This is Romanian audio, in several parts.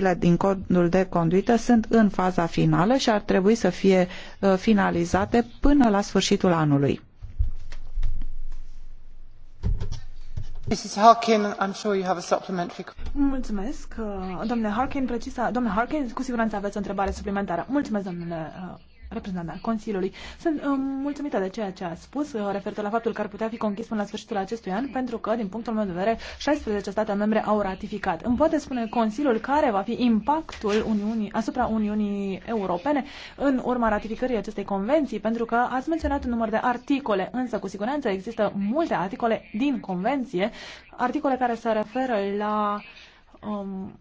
principiile din codul de conduită sunt în faza finală și ar trebui să fie uh, finalizate până la sfârșitul anului. Harkin, I'm sure you have a supplementary... Mulțumesc, uh, domnule Harkin, precisa, domnule Harkin, cu siguranță aveți o întrebare suplimentară. Mulțumesc, domnule uh, reprezentant al Consiliului. Sunt um, mulțumită de ceea ce a spus uh, referitor la faptul că ar putea fi conchis până la sfârșitul acestui an, pentru că, din punctul meu de vedere, 16 state membre au ratificat. Îmi poate spune Consiliul care va fi impactul Uniunii, asupra Uniunii Europene în urma ratificării acestei convenții, pentru că ați menționat un număr de articole, însă cu siguranță există multe articole din convenție, articole care se referă la um,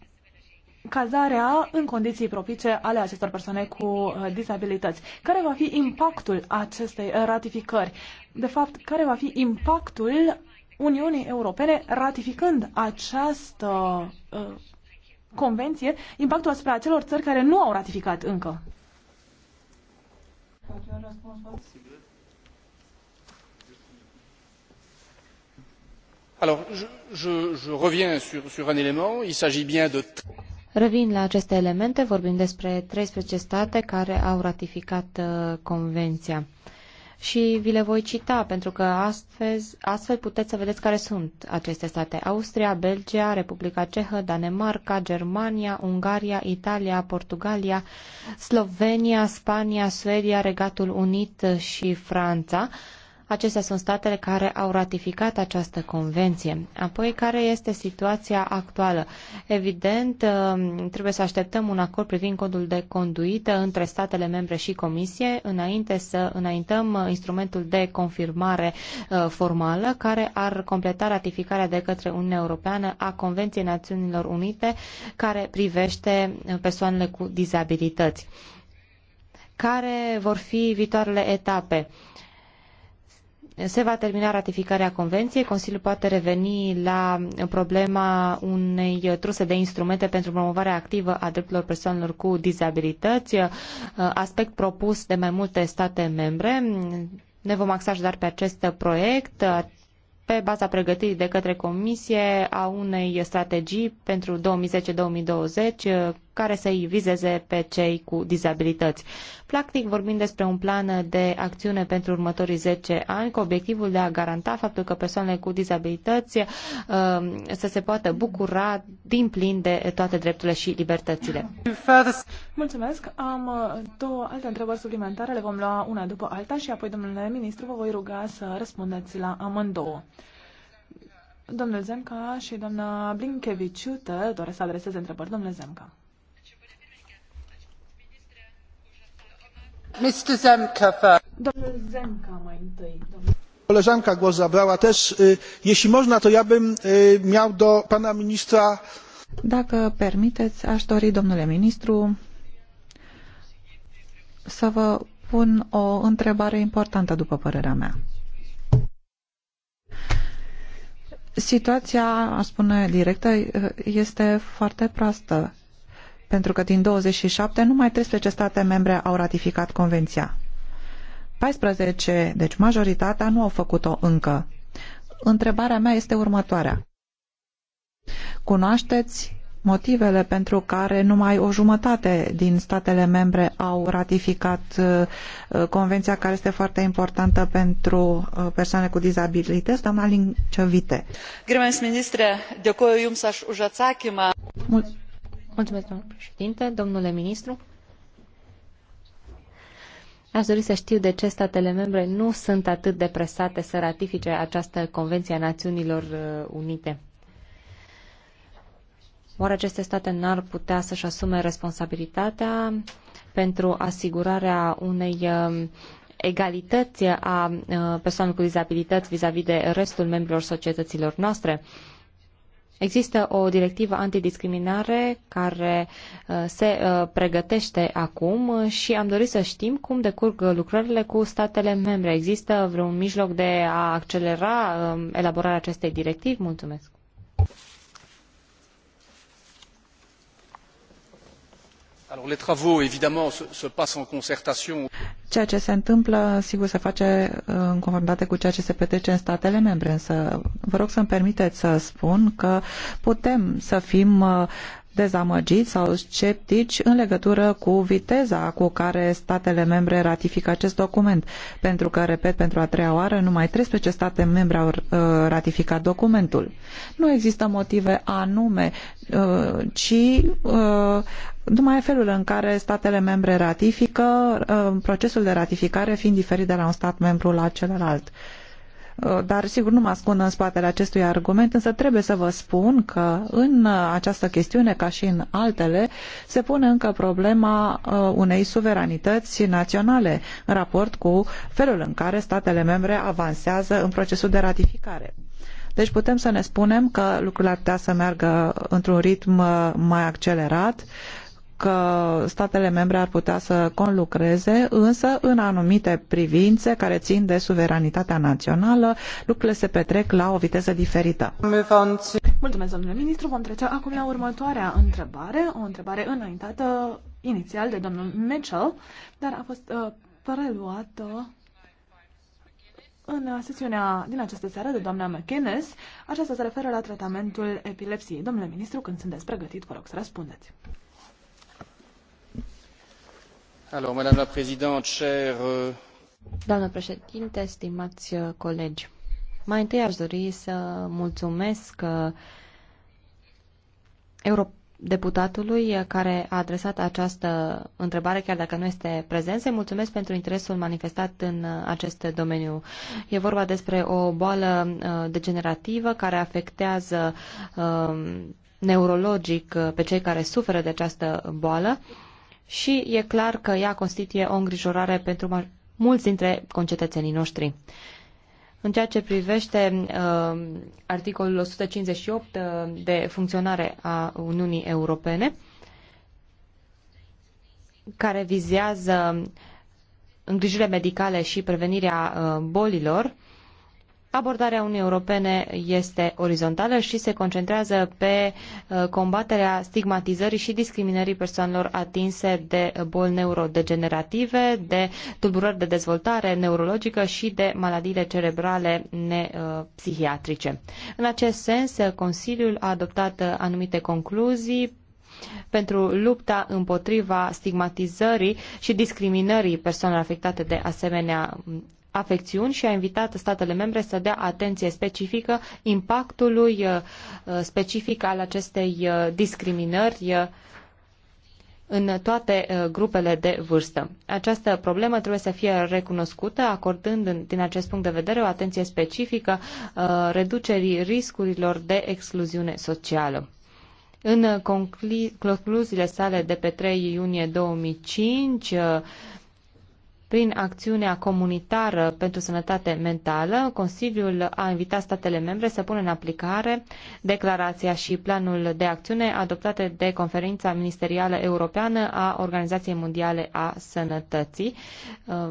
cazarea în condiții propice ale acestor persoane cu uh, dizabilități. Care va fi impactul acestei ratificări? De fapt, care va fi impactul Uniunii Europene ratificând această uh, convenție, impactul asupra acelor țări care nu au ratificat încă? Alors, je, je, je reviens sur, sur un élément. Il s'agit bien de. Revin la aceste elemente, vorbim despre 13 state care au ratificat uh, convenția. Și vi le voi cita, pentru că astfel, astfel puteți să vedeți care sunt aceste state. Austria, Belgia, Republica Cehă, Danemarca, Germania, Ungaria, Italia, Portugalia, Slovenia, Spania, Suedia, Regatul Unit și Franța Acestea sunt statele care au ratificat această convenție. Apoi, care este situația actuală? Evident, um, trebuie să așteptăm un acord privind codul de conduită între statele membre și Comisie înainte să înaintăm uh, instrumentul de confirmare uh, formală care ar completa ratificarea de către Uniunea Europeană a Convenției Națiunilor Unite care privește uh, persoanele cu dizabilități. Care vor fi viitoarele etape? Uh, se va termina ratificarea convenției, Consiliul poate reveni la problema unei truse de instrumente pentru promovarea activă a drepturilor persoanelor cu dizabilități, uh, aspect propus de mai multe state membre. Ne vom axa dar pe acest proiect uh, pe baza pregătirii de către Comisie a unei strategii pentru 2010-2020 care să-i vizeze pe cei cu dizabilități. Practic vorbim despre un plan de acțiune pentru următorii 10 ani cu obiectivul de a garanta faptul că persoanele cu dizabilități um, să se poată bucura din plin de toate drepturile și libertățile. Mulțumesc. Am uh, două alte întrebări suplimentare. Le vom lua una după alta și apoi, domnule ministru, vă voi ruga să răspundeți la amândouă. Domnul Zemca și doamna Blinkeviciu doresc să adreseze întrebări. Domnule Zemca. Zemka Zemka mai întâi. Koleżanka głos zabrała też. Jeśli można, to ja bym miał do pana ministra. Dacă permiteți, aș dori, domnule ministru, să vă pun o întrebare importantă, după părerea mea. Situația, aș spune directă, este foarte proastă pentru că din 27 numai 13 state membre au ratificat convenția. 14, deci majoritatea, nu au făcut-o încă. Întrebarea mea este următoarea. Cunoașteți motivele pentru care numai o jumătate din statele membre au ratificat uh, uh, convenția care este foarte importantă pentru uh, persoane cu dizabilități, doamna Lincevite. Gerbiamas ministre, dėkoju Jums už atsakymą. Mul- Mulțumesc, domnule președinte, domnule ministru. Aș dori să știu de ce statele membre nu sunt atât de presate să ratifice această Convenție a Națiunilor uh, Unite. Oare aceste state n-ar putea să-și asume responsabilitatea pentru asigurarea unei uh, egalități a uh, persoanelor cu dizabilități vis-a-vis de restul membrilor societăților noastre? Există o directivă antidiscriminare care uh, se uh, pregătește acum și am dorit să știm cum decurg lucrările cu statele membre. Există vreun mijloc de a accelera um, elaborarea acestei directivi? Mulțumesc! Ceea ce se întâmplă, sigur, se face uh, în conformitate cu ceea ce se petrece în statele membre, însă vă rog să-mi permiteți să spun că putem să fim uh, dezamăgiți sau sceptici în legătură cu viteza cu care statele membre ratifică acest document. Pentru că, repet, pentru a treia oară, numai 13 state membre au uh, ratificat documentul. Nu există motive anume, ci numai felul în care statele membre ratifică, uh, procesul de ratificare fiind diferit de la un stat membru la celălalt. Uh, dar sigur nu mă ascund în spatele acestui argument, însă trebuie să vă spun că în uh, această chestiune, ca și în altele, se pune încă problema unei suveranități naționale în raport cu felul în care statele membre avansează în procesul de ratificare. Deci putem să ne spunem că lucrurile ar putea să meargă într-un ritm mai accelerat că statele membre ar putea să conlucreze, însă în anumite privințe care țin de suveranitatea națională, lucrurile se petrec la o viteză diferită. Mulțumesc, domnule ministru. Vom trece acum la următoarea întrebare, o întrebare înaintată inițial de domnul Mitchell, dar a fost uh, preluată în sesiunea din această seară de doamna McInnes, aceasta se referă la tratamentul epilepsiei. Domnule ministru, când sunteți pregătit, vă rog să răspundeți. Euh, Doamnă cher... președinte, stimați uh, colegi, mai întâi aș dori să mulțumesc uh, eurodeputatului uh, care a adresat această întrebare, chiar dacă nu este prezent. să mulțumesc pentru interesul manifestat în acest domeniu. E vorba despre o boală degenerativă care afectează neurologic pe cei care suferă de această boală și e clar că ea constituie o îngrijorare pentru mulți dintre concetățenii noștri. În ceea ce privește uh, articolul 158 uh, de funcționare a Uniunii Europene, care vizează îngrijire medicale și prevenirea uh, bolilor, Abordarea Uniunii Europene este orizontală și se concentrează pe uh, combaterea stigmatizării și discriminării persoanelor atinse de boli neurodegenerative, de tulburări de dezvoltare neurologică și de maladiile cerebrale nepsihiatrice. În acest sens, Consiliul a adoptat uh, anumite concluzii pentru lupta împotriva stigmatizării și discriminării persoanelor afectate de asemenea afecțiuni și a invitat statele membre să dea atenție specifică impactului uh, uh, specific al acestei uh, discriminări în toate grupele de vârstă. Această problemă trebuie să fie recunoscută, acordând din acest punct de vedere o atenție specifică reducerii riscurilor de excluziune socială. În concluziile sale de pe 3 iunie 2005, prin acțiunea comunitară pentru sănătate mentală, Consiliul a invitat statele membre să pună în aplicare declarația și planul de acțiune adoptate de Conferința Ministerială Europeană a Organizației Mondiale a Sănătății uh,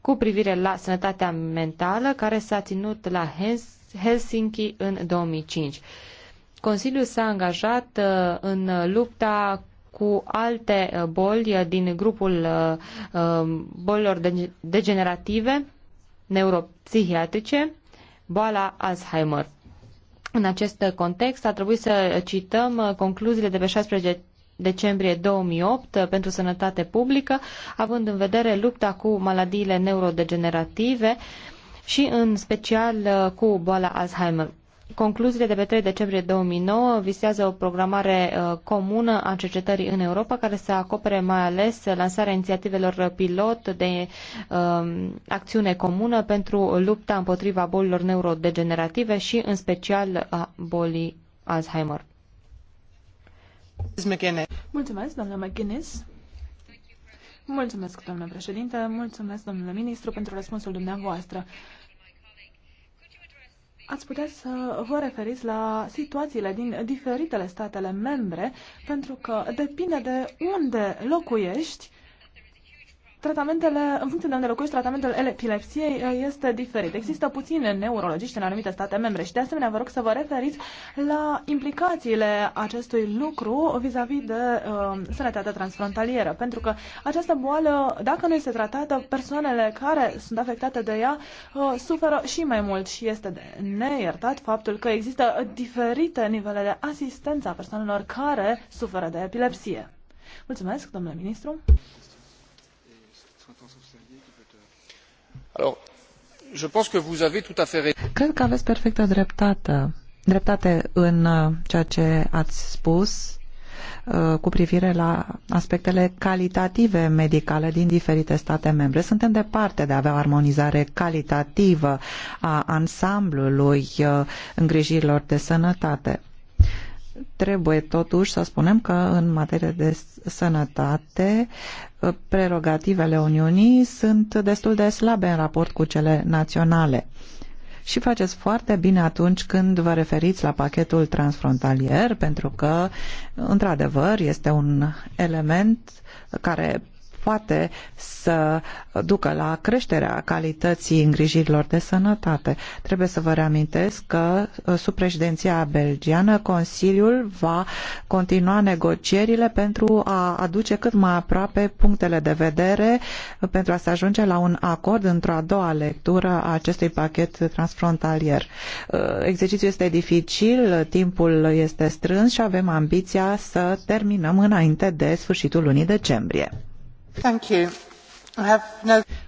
cu privire la sănătatea mentală care s-a ținut la Helsinki în 2005. Consiliul s-a angajat uh, în lupta cu alte uh, boli uh, din grupul uh, bolilor degenerative, neuropsihiatrice, boala Alzheimer. În acest context a trebuit să cităm concluziile de pe 16 decembrie 2008 pentru sănătate publică, având în vedere lupta cu maladiile neurodegenerative și în special cu boala Alzheimer. Concluziile de pe 3 decembrie 2009 visează o programare uh, comună a cercetării în Europa, care să acopere mai ales lansarea inițiativelor pilot de um, acțiune comună pentru lupta împotriva bolilor neurodegenerative și, în special, a bolii Alzheimer. Mulțumesc, doamna McGuinness. Mulțumesc, doamna președinte. Mulțumesc, domnule ministru, pentru răspunsul dumneavoastră ați putea să vă referiți la situațiile din diferitele statele membre, pentru că depinde de unde locuiești, Tratamentele, în funcție de unde locuiești, tratamentul epilepsiei este diferit. Există puține neurologiști în anumite state membre și de asemenea vă rog să vă referiți la implicațiile acestui lucru vis-a-vis -vis de uh, sănătatea transfrontalieră, pentru că această boală, dacă nu este tratată, persoanele care sunt afectate de ea uh, suferă și mai mult și este de neiertat faptul că există diferite nivele de asistență a persoanelor care suferă de epilepsie. Mulțumesc, domnule ministru. Cred că aveți perfectă dreptate, dreptate în uh, ceea ce ați spus uh, cu privire la aspectele calitative medicale din diferite state membre. Suntem departe de a avea o armonizare calitativă a ansamblului uh, îngrijirilor de sănătate. Trebuie totuși să spunem că în materie de sănătate uh, prerogativele Uniunii sunt destul de slabe în raport cu cele naționale și faceți foarte bine atunci când vă referiți la pachetul transfrontalier, pentru că, într-adevăr, este un element care poate să ducă la creșterea calității îngrijirilor de sănătate. Trebuie să vă reamintesc că uh, sub președinția belgiană Consiliul va continua negocierile pentru a aduce cât mai aproape punctele de vedere uh, pentru a se ajunge la un acord într-o a doua lectură a acestui pachet transfrontalier. Uh, exercițiul este dificil, timpul este strâns și avem ambiția să terminăm înainte de sfârșitul lunii decembrie.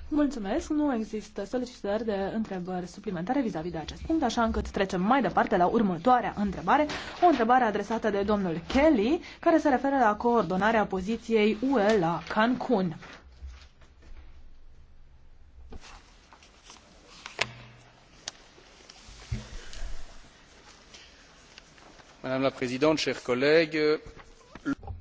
Mulțumesc. Nu există solicitări de întrebări suplimentare vis a -vis de acest punct, așa încât trecem mai departe la următoarea întrebare. O întrebare adresată de domnul Kelly, care se referă la coordonarea poziției UE la Cancun. Madame la Présidente, chers collègues,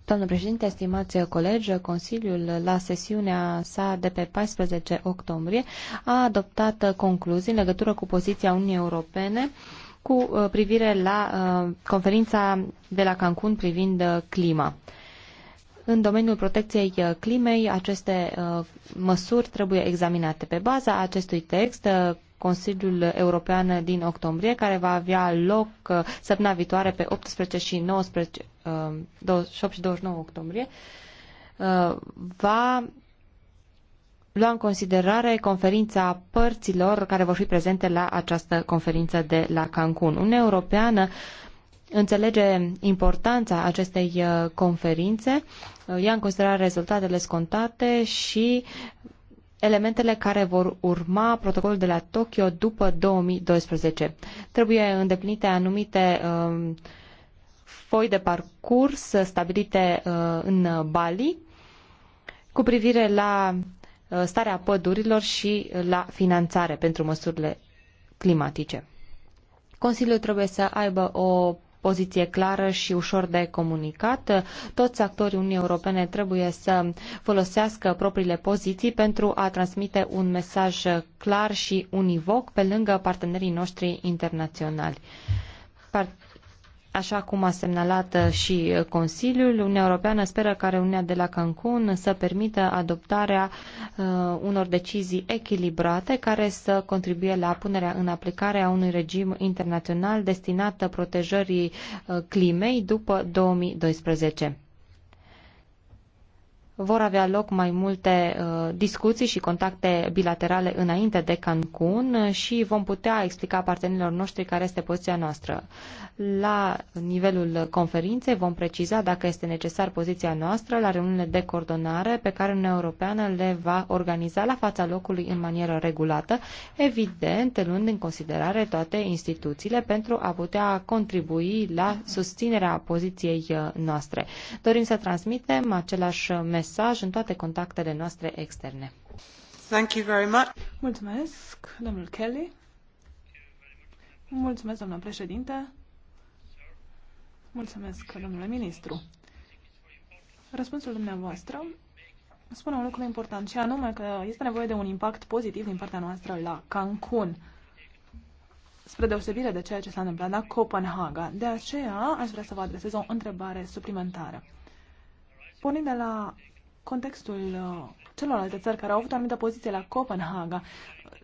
Domnul președinte, stimați colegi, Consiliul la sesiunea sa de pe 14 octombrie a adoptat concluzii în legătură cu poziția Uniunii Europene cu uh, privire la uh, conferința de la Cancun privind uh, clima. În domeniul protecției climei, aceste măsuri trebuie examinate. Pe baza acestui text, Consiliul European din octombrie, care va avea loc uh, săptămâna viitoare pe 18 și 19, 28 uh, și 29 octombrie, uh, va lua în considerare conferința părților care vor fi prezente la această conferință de la Cancun. Uniunea Europeană înțelege importanța acestei conferințe, ia în considerare rezultatele scontate și elementele care vor urma protocolul de la Tokyo după 2012. Trebuie îndeplinite anumite uh, foi de parcurs stabilite uh, în Bali cu privire la uh, starea pădurilor și la finanțare pentru măsurile climatice. Consiliul trebuie să aibă o poziție clară și ușor de comunicat. Toți actorii Uniunii Europene trebuie să folosească propriile poziții pentru a transmite un mesaj clar și univoc pe lângă partenerii noștri internaționali. Part- Așa cum a semnalat uh, și uh, Consiliul, Uniunea Europeană speră ca reuniunea de la Cancun să permită adoptarea uh, unor decizii echilibrate care să contribuie la punerea în aplicare a unui regim internațional destinat protejării climei după 2012 vor avea loc mai multe uh, discuții și contacte bilaterale înainte de Cancun și vom putea explica partenerilor noștri care este poziția noastră. La nivelul conferinței vom preciza dacă este necesar poziția noastră la reuniunile de coordonare pe care Uniunea Europeană le va organiza la fața locului în manieră regulată, evident luând în considerare toate instituțiile pentru a putea contribui la susținerea poziției uh, noastre. Dorim să transmitem același mesaj mesaj în toate contactele noastre externe. Thank you very much. Mulțumesc, domnul Kelly. Mulțumesc, domnul președinte. Mulțumesc, domnule ministru. Răspunsul dumneavoastră spune un lucru important și anume că este nevoie de un impact pozitiv din partea noastră la Cancun spre deosebire de ceea ce s-a întâmplat la Copenhaga. De aceea aș vrea să vă adresez o întrebare suplimentară. Pornind de la contextul uh, celorlalte țări care au avut anumită poziție la Copenhaga,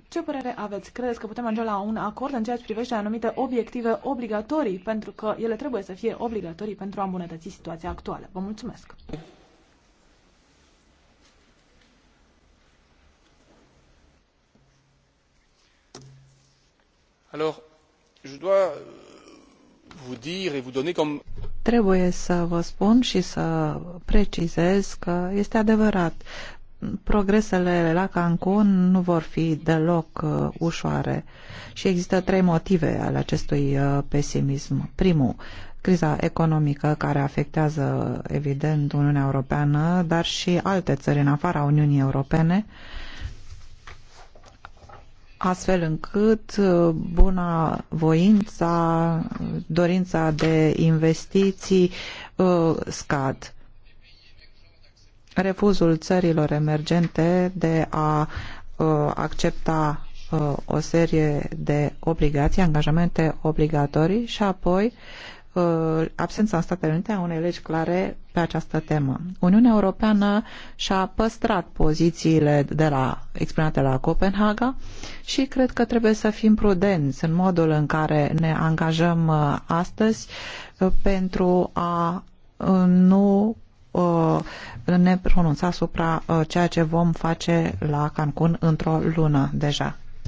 ce părere aveți? Credeți că putem ajunge la un acord în ceea ce privește anumite obiective obligatorii, pentru că ele trebuie să fie obligatorii pentru a îmbunătăți situația actuală? Vă mulțumesc! Alors, je dois vous dire et vous donner comme Trebuie să vă spun și să precizez că este adevărat, progresele la Cancun nu vor fi deloc uh, ușoare și există trei motive ale acestui uh, pesimism. Primul, criza economică care afectează evident Uniunea Europeană, dar și alte țări în afara Uniunii Europene astfel încât uh, buna voința, dorința de investiții uh, scad. Refuzul țărilor emergente de a uh, accepta o serie de obligații, angajamente obligatorii și apoi Uh, absența în Statele Unite a unei legi clare pe această temă. Uniunea Europeană și-a păstrat pozițiile de la, exprimate la Copenhaga și cred că trebuie să fim prudenți în modul în care ne angajăm uh, astăzi uh, pentru a nu ne pronunța asupra ceea ce vom face la Cancun într-o lună deja.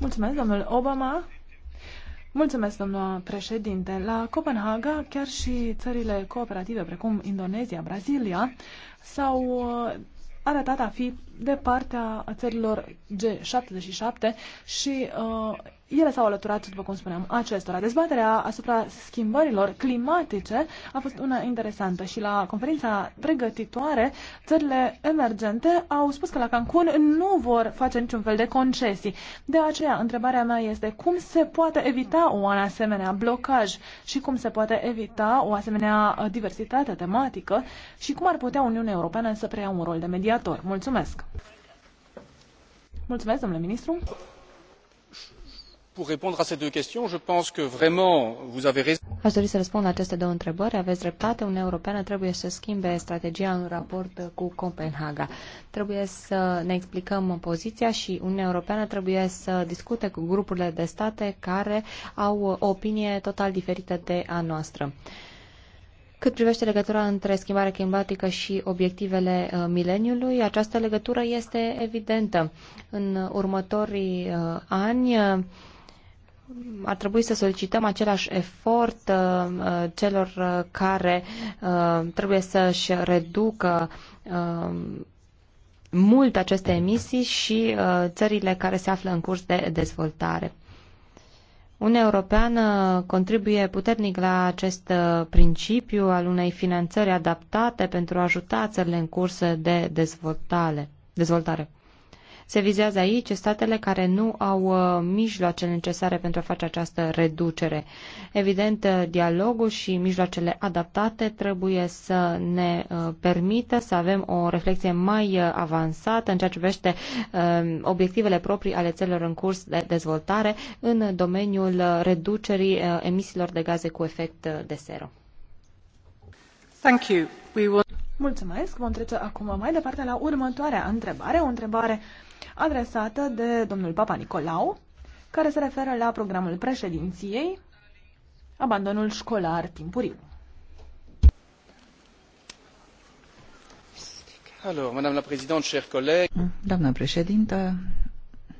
Mulțumesc, domnul Obama. Mulțumesc, domnul președinte. La Copenhaga, chiar și țările cooperative precum Indonezia, Brazilia, s-au uh, arătat a fi de partea țărilor G77 și uh, ele s-au alăturat, după cum spuneam, acestora. Dezbaterea asupra schimbărilor climatice a fost una interesantă și la conferința pregătitoare, țările emergente au spus că la Cancun nu vor face niciun fel de concesii. De aceea, întrebarea mea este cum se poate evita un asemenea blocaj și cum se poate evita o asemenea uh, diversitate tematică și cum ar putea Uniunea Europeană să preia un rol de mediator. Mulțumesc! Mulțumesc, domnule ministru. Pour répondre à ces deux questions, je pense que vraiment vous avez raison. Aș dori să răspund la aceste două întrebări. Aveți dreptate, Uniunea Europeană trebuie să schimbe strategia în raport cu Copenhaga. Trebuie să ne explicăm poziția și Uniunea Europeană trebuie să discute cu grupurile de state care au o opinie total diferită de a noastră. Cât privește legătura între schimbarea climatică și obiectivele uh, mileniului, această legătură este evidentă. În următorii uh, ani uh, ar trebui să solicităm același efort celor care trebuie să-și reducă mult aceste emisii și țările care se află în curs de dezvoltare. Uniunea Europeană contribuie puternic la acest uh, principiu al unei finanțări adaptate pentru a ajuta țările în curs de dezvoltare. dezvoltare. Se vizează aici statele care nu au uh, mijloacele necesare pentru a face această reducere. Evident, uh, dialogul și mijloacele adaptate trebuie să ne uh, permită să avem o reflexie mai avansată în ceea ce privește um, obiectivele proprii ale țelor în curs de dezvoltare în domeniul reducerii emisiilor de gaze cu efect de seră. Thank you. We will... Mulțumesc. Vom trece acum mai departe la următoarea întrebare, o întrebare adresată de domnul Papa Nicolau, care se referă la programul președinției, abandonul școlar timpuriu. Alors, Madame la Présidente, chers collègues. Doamna președintă,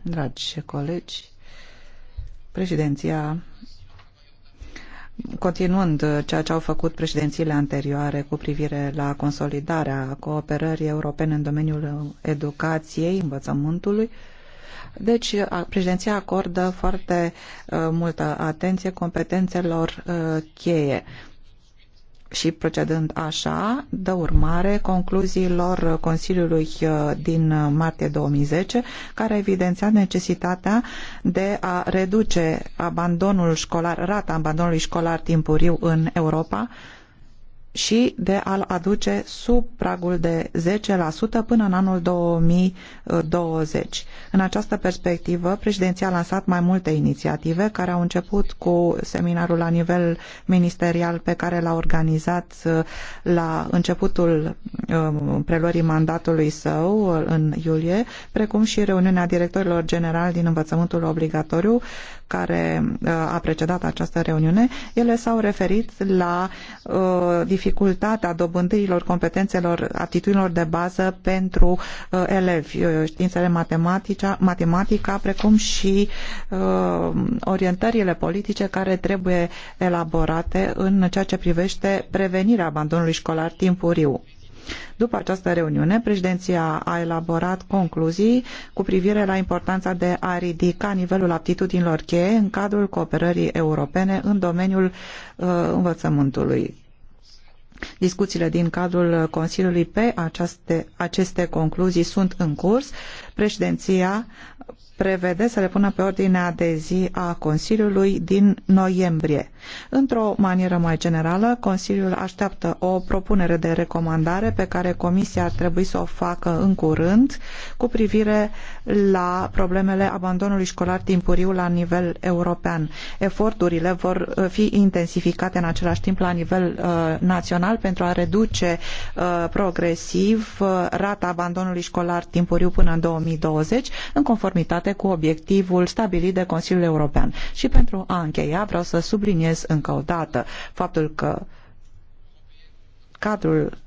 dragi colegi, președinția Continuând uh, ceea ce au făcut președințiile anterioare cu privire la consolidarea cooperării europene în domeniul educației, învățământului, deci, uh, președinția acordă foarte uh, multă atenție competențelor uh, cheie și procedând așa, dă urmare concluziilor Consiliului uh, din martie 2010, care evidenția necesitatea de a reduce abandonul școlar, rata abandonului școlar timpuriu în Europa și de a-l aduce sub pragul de 10% până în anul 2020. În această perspectivă, președinția a lansat mai multe inițiative care au început cu seminarul la nivel ministerial pe care l-a organizat uh, la începutul uh, preluării mandatului său uh, în iulie, precum și reuniunea directorilor generali din învățământul obligatoriu care a precedat această reuniune. Ele s-au referit la diferite dificultatea dobândirilor competențelor, aptitudinilor de bază pentru uh, elevi, uh, științele matematice, matematica, precum și uh, orientările politice care trebuie elaborate în ceea ce privește prevenirea abandonului școlar timpuriu. După această reuniune, președinția a elaborat concluzii cu privire la importanța de a ridica nivelul aptitudinilor cheie în cadrul cooperării europene în domeniul uh, învățământului. Discuțiile din cadrul Consiliului pe aceste, aceste concluzii sunt în curs. Președinția prevede să le pună pe ordinea de zi a Consiliului din noiembrie. Într-o manieră mai generală, Consiliul așteaptă o propunere de recomandare pe care Comisia ar trebui să o facă în curând cu privire la problemele abandonului școlar timpuriu la nivel european. Eforturile vor uh, fi intensificate în același timp la nivel uh, național pentru a reduce uh, progresiv uh, rata abandonului școlar timpuriu până în 2020 în conformitate conformitate cu obiectivul stabilit de Consiliul European. Și pentru a încheia vreau să subliniez încă o dată faptul că cadrul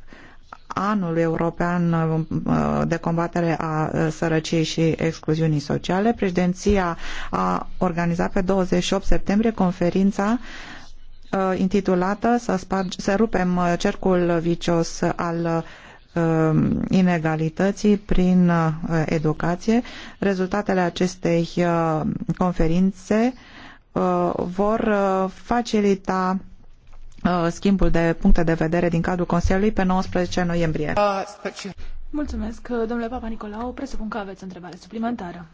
anul european uh, de combatere a uh, sărăciei și excluziunii sociale. Președinția a organizat pe 28 septembrie conferința uh, intitulată Să, sparg, să rupem cercul vicios al Um, inegalității prin uh, educație. Rezultatele acestei uh, conferințe uh, vor facilita schimbul de puncte de vedere din cadrul Consiliului pe 19 noiembrie. Mulțumesc, domnule Papa Nicolau. Presupun că aveți întrebare suplimentară.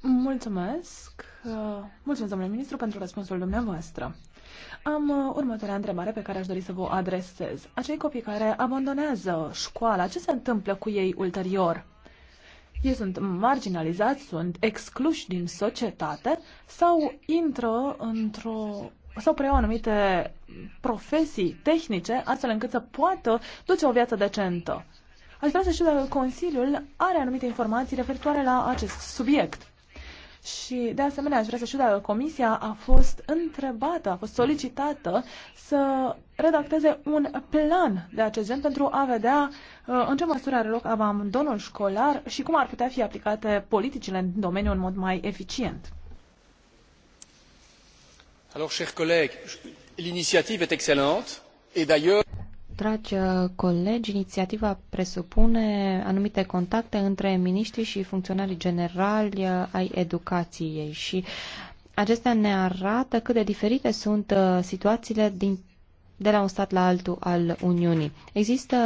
Mulțumesc. Mulțumesc, domnule ministru, pentru răspunsul dumneavoastră. Am uh, următoarea întrebare pe care aș dori să vă adresez. Acei copii care abandonează școala, ce se întâmplă cu ei ulterior? Ei sunt marginalizați, sunt excluși din societate sau intră într-o sau preiau anumite profesii tehnice, astfel încât să poată duce o viață decentă. Aș vrea să știu dacă Consiliul are anumite informații referitoare la acest subiect. Și, de asemenea, aș vrea să știu dacă Comisia a fost întrebată, a fost solicitată să redacteze un plan de acest gen pentru a vedea uh, în ce măsură are loc abandonul școlar și cum ar putea fi aplicate politicile în domeniu în mod mai eficient. Alors, chers collègues, l'initiative est excellente et d'ailleurs Dragi uh, colegi, inițiativa presupune anumite contacte între miniștri și funcționarii generali uh, ai educației și acestea ne arată cât de diferite sunt uh, situațiile din de la un stat la altul al Uniunii. Există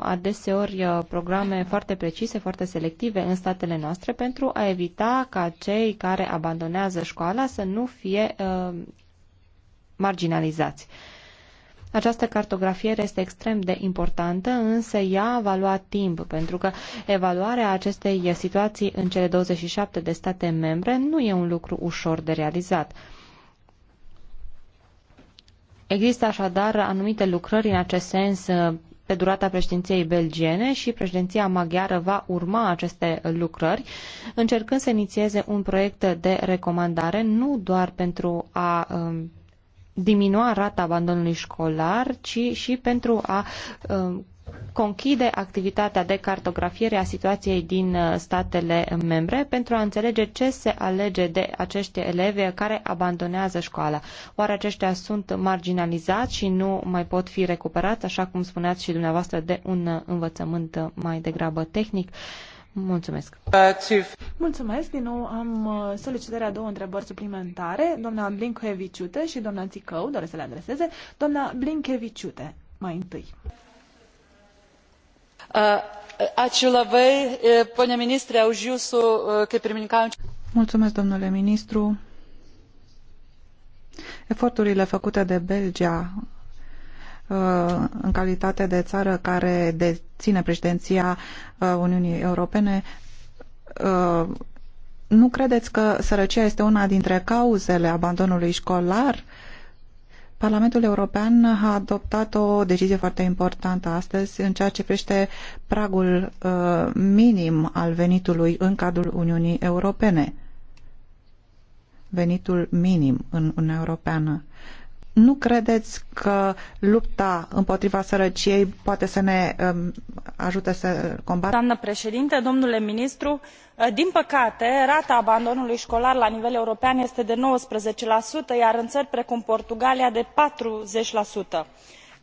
adeseori programe foarte precise, foarte selective în statele noastre pentru a evita ca cei care abandonează școala să nu fie uh, marginalizați. Uh, această cartografiere este extrem de importantă, însă ea va lua timp, pentru că evaluarea acestei situații în cele 27 de state membre nu e un lucru ușor de realizat. Există așadar anumite lucrări în acest sens uh, pe durata președinției belgiene și președinția maghiară va urma aceste lucrări, încercând să inițieze un proiect de recomandare nu doar pentru a um, diminua rata abandonului școlar, ci și pentru a um, conchide activitatea de cartografiere a situației din uh, statele membre pentru a înțelege ce se alege de acești elevi care abandonează școala. Oare aceștia sunt marginalizați și nu mai pot fi recuperați, așa cum spuneați și dumneavoastră, de un uh, învățământ uh, mai degrabă tehnic? Mulțumesc. Mulțumesc. Din nou am uh, solicitarea două întrebări suplimentare. Doamna Blinkeviciute și doamna Țicău doresc să le adreseze. Doamna Blinkeviciute, mai întâi. Ačiū labai, ponia ministrė, už jūsų, kaip Mulțumesc, domnule ministru. Eforturile făcute de Belgia Uh, în calitate de țară care deține președinția uh, Uniunii Europene, uh, nu credeți că sărăcia este una dintre cauzele abandonului școlar? Parlamentul European a adoptat o decizie foarte importantă astăzi în ceea ce privește pragul uh, minim al venitului în cadrul Uniunii Europene. Venitul minim în Uniunea Europeană. Nu credeți că lupta împotriva sărăciei poate să ne um, ajute să combatem? Doamnă președinte, domnule ministru, uh, din păcate, rata abandonului școlar la nivel european este de 19%, iar în țări precum Portugalia de 40%.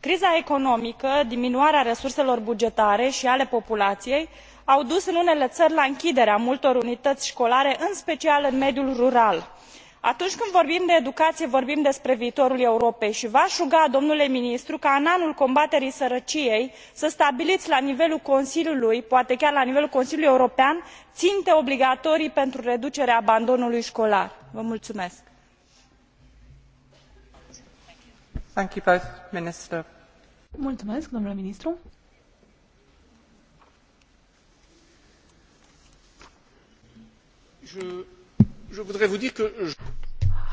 Criza economică, diminuarea resurselor bugetare și ale populației au dus în unele țări la închiderea multor unități școlare, în special în mediul rural atunci când vorbim de educaie vorbim despre viitorul europei i v a ruga domnule ministru ca în anul combaterii sărăciei să stabilii la nivelul consiliului poate chiar la nivelul consiliului european inte obligatorii pentru reducerea abandonului colar. vă Mulțumesc, domnule ministru.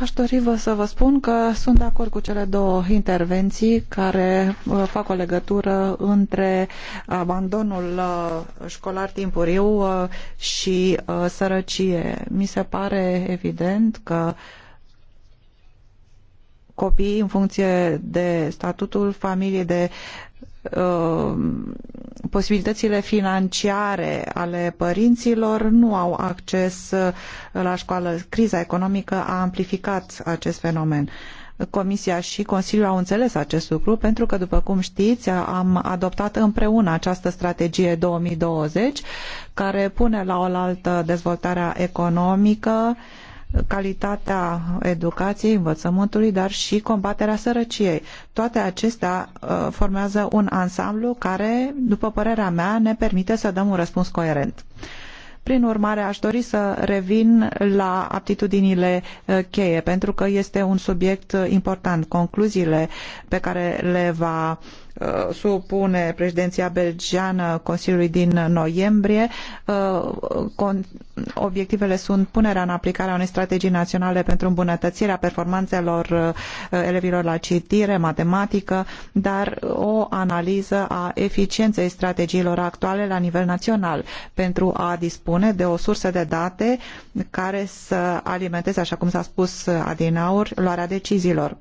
Aș dori vă să vă spun că sunt de acord cu cele două intervenții care uh, fac o legătură între abandonul uh, școlar timpuriu uh, și sărăcie. Mi se pare evident că copiii în funcție de statutul familiei, de Um, posibilitățile financiare ale părinților nu au acces uh, la școală. Criza economică a amplificat acest fenomen. Comisia și Consiliul au înțeles acest lucru pentru că, după cum știți, am adoptat împreună această strategie 2020 care pune la oaltă dezvoltarea economică uh, calitatea educației, învățământului, dar și combaterea sărăciei. Toate acestea uh, formează un ansamblu care, după părerea mea, ne permite să dăm un răspuns coerent. Prin urmare, aș dori să revin la aptitudinile uh, cheie, pentru că este un subiect uh, important. Concluziile pe care le va Uh, supune președinția belgiană Consiliului din noiembrie. Uh, obiectivele sunt punerea în aplicare a unei strategii naționale pentru îmbunătățirea performanțelor uh, elevilor la citire, matematică, dar o analiză a eficienței strategiilor actuale la nivel național pentru a dispune de o sursă de date care să alimenteze, așa cum s-a spus Adinaur, luarea deciziilor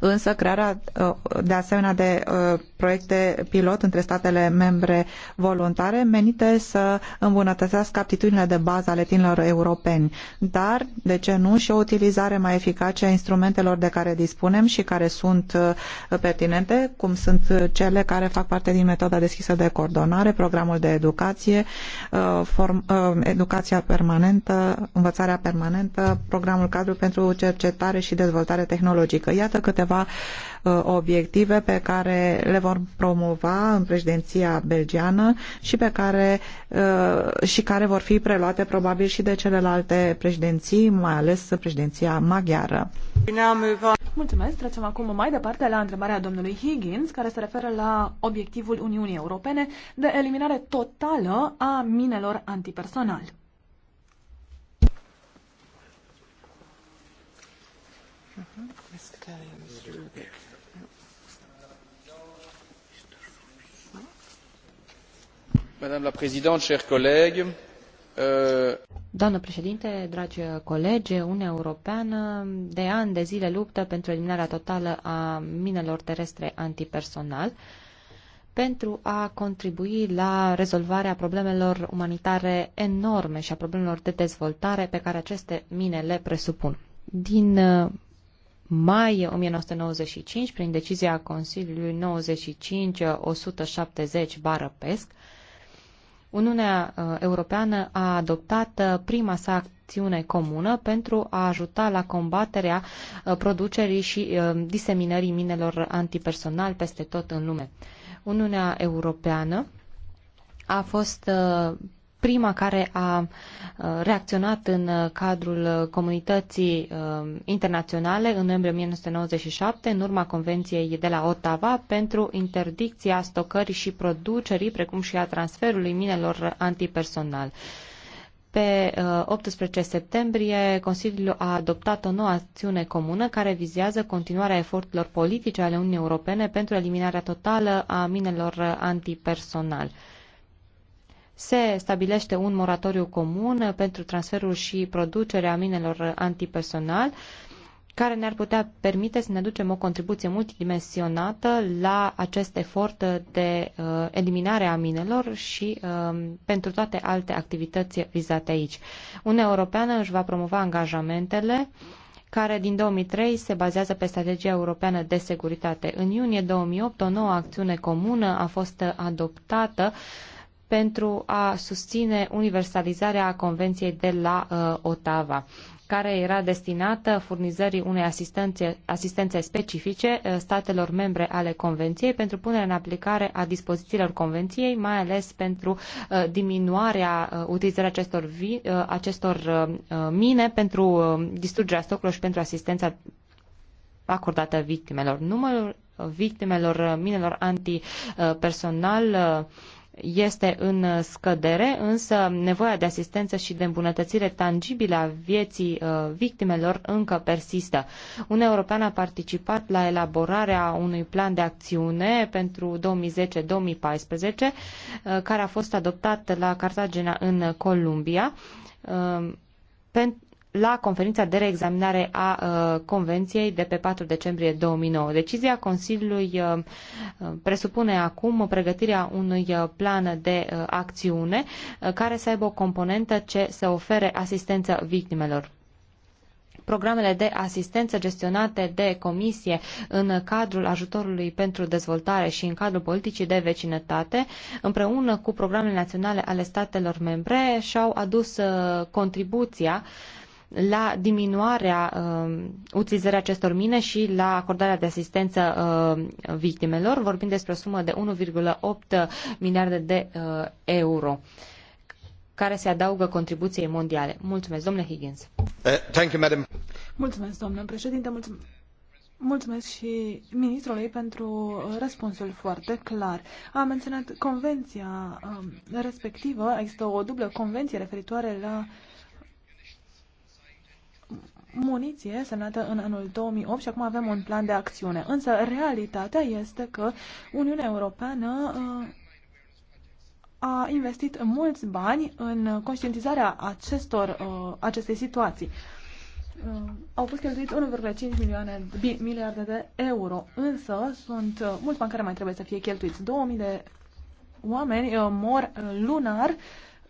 Însă crearea uh, de asemenea de uh, proiecte pilot între statele membre voluntare menite să îmbunătățească aptitudinile de bază ale tinerilor europeni, dar, de ce nu, și o utilizare mai eficace a instrumentelor de care dispunem și care sunt uh, pertinente, cum sunt cele care fac parte din metoda deschisă de coordonare, programul de educație, uh, uh, educația permanentă, învățarea permanentă, programul cadru pentru cercetare și dezvoltare tehnologică. Iată câteva Uh, obiective pe care le vom promova în președinția belgiană și pe care uh, și care vor fi preluate probabil și de celelalte președinții, mai ales președinția maghiară. Mulțumesc. Trecem acum mai departe la întrebarea domnului Higgins, care se referă la obiectivul Uniunii Europene de eliminare totală a minelor antipersonal. Uh-huh. Euh, Doamnă președinte, dragi colegi, Uniunea Europeană de ani de zile luptă pentru eliminarea totală a minelor terestre antipersonal pentru a contribui la rezolvarea problemelor umanitare enorme și a problemelor de dezvoltare pe care aceste mine le presupun. Din uh, mai 1995, prin decizia Consiliului 95-170 bară PESC, Uniunea uh, Europeană a adoptat uh, prima sa acțiune comună pentru a ajuta la combaterea uh, producerii și diseminării minelor antipersonal peste tot în lume. Uniunea Europeană a fost prima care a uh, reacționat în uh, cadrul comunității uh, internaționale în noiembrie 1997, în urma Convenției de la Ottawa, pentru interdicția stocării și producerii, precum și a transferului minelor antipersonal. Pe 18 septembrie, Consiliul a adoptat o nouă acțiune comună care vizează continuarea eforturilor politice ale Uniunii Europene pentru eliminarea totală a minelor antipersonal se stabilește un moratoriu comun pentru transferul și producerea minelor antipersonal care ne-ar putea permite să ne aducem o contribuție multidimensionată la acest efort de uh, eliminare a minelor și uh, pentru toate alte activități vizate aici. Uniunea Europeană își va promova angajamentele care din 2003 se bazează pe strategia europeană de securitate. În iunie 2008, o nouă acțiune comună a fost adoptată uh, pentru a susține universalizarea Convenției de la uh, Ottawa care era destinată furnizării unei asistențe, asistențe specifice uh, statelor membre ale Convenției pentru punerea în aplicare a dispozițiilor Convenției, mai ales pentru uh, diminuarea uh, utilizării acestor, vi, acestor mine pentru distrugerea stocurilor și pentru asistența acordată victimelor. Numărul victimelor minelor antipersonal uh, este în scădere, însă nevoia de asistență și de îmbunătățire tangibilă a vieții uh, victimelor încă persistă. Uniunea Europeană a participat la elaborarea unui plan de acțiune pentru 2010-2014, uh, care a fost adoptat la Cartagena în Columbia uh, la conferința de reexaminare a uh, Convenției de pe 4 decembrie 2009. Decizia Consiliului uh, uh, presupune acum pregătirea unui uh, plan de uh, acțiune uh, care să aibă o componentă ce să ofere asistență victimelor programele de asistență gestionate de comisie în cadrul ajutorului pentru dezvoltare și în cadrul politicii de vecinătate, împreună cu programele naționale ale statelor membre, și-au adus uh, contribuția uh, la diminuarea uh, utilizării acestor mine și la acordarea de asistență uh, victimelor, vorbind despre o sumă de 1,8 miliarde de uh, euro care se adaugă contribuției mondiale. Mulțumesc, domnule Higgins. Uh, thank you, madam. Mulțumesc, domnule președinte. Mulțumesc. Mulțumesc și ministrului pentru uh, răspunsul foarte clar. A menționat convenția um, respectivă, există o dublă convenție referitoare la uh, muniție semnată în anul 2008 și acum avem un plan de acțiune. Însă realitatea este că Uniunea Europeană uh, a investit mulți bani în conștientizarea acestor, uh, acestei situații. Uh, au fost cheltuiți 1,5 milioane miliarde de euro, însă sunt mulți bani care mai trebuie să fie cheltuiți. 2000 de oameni mor lunar uh,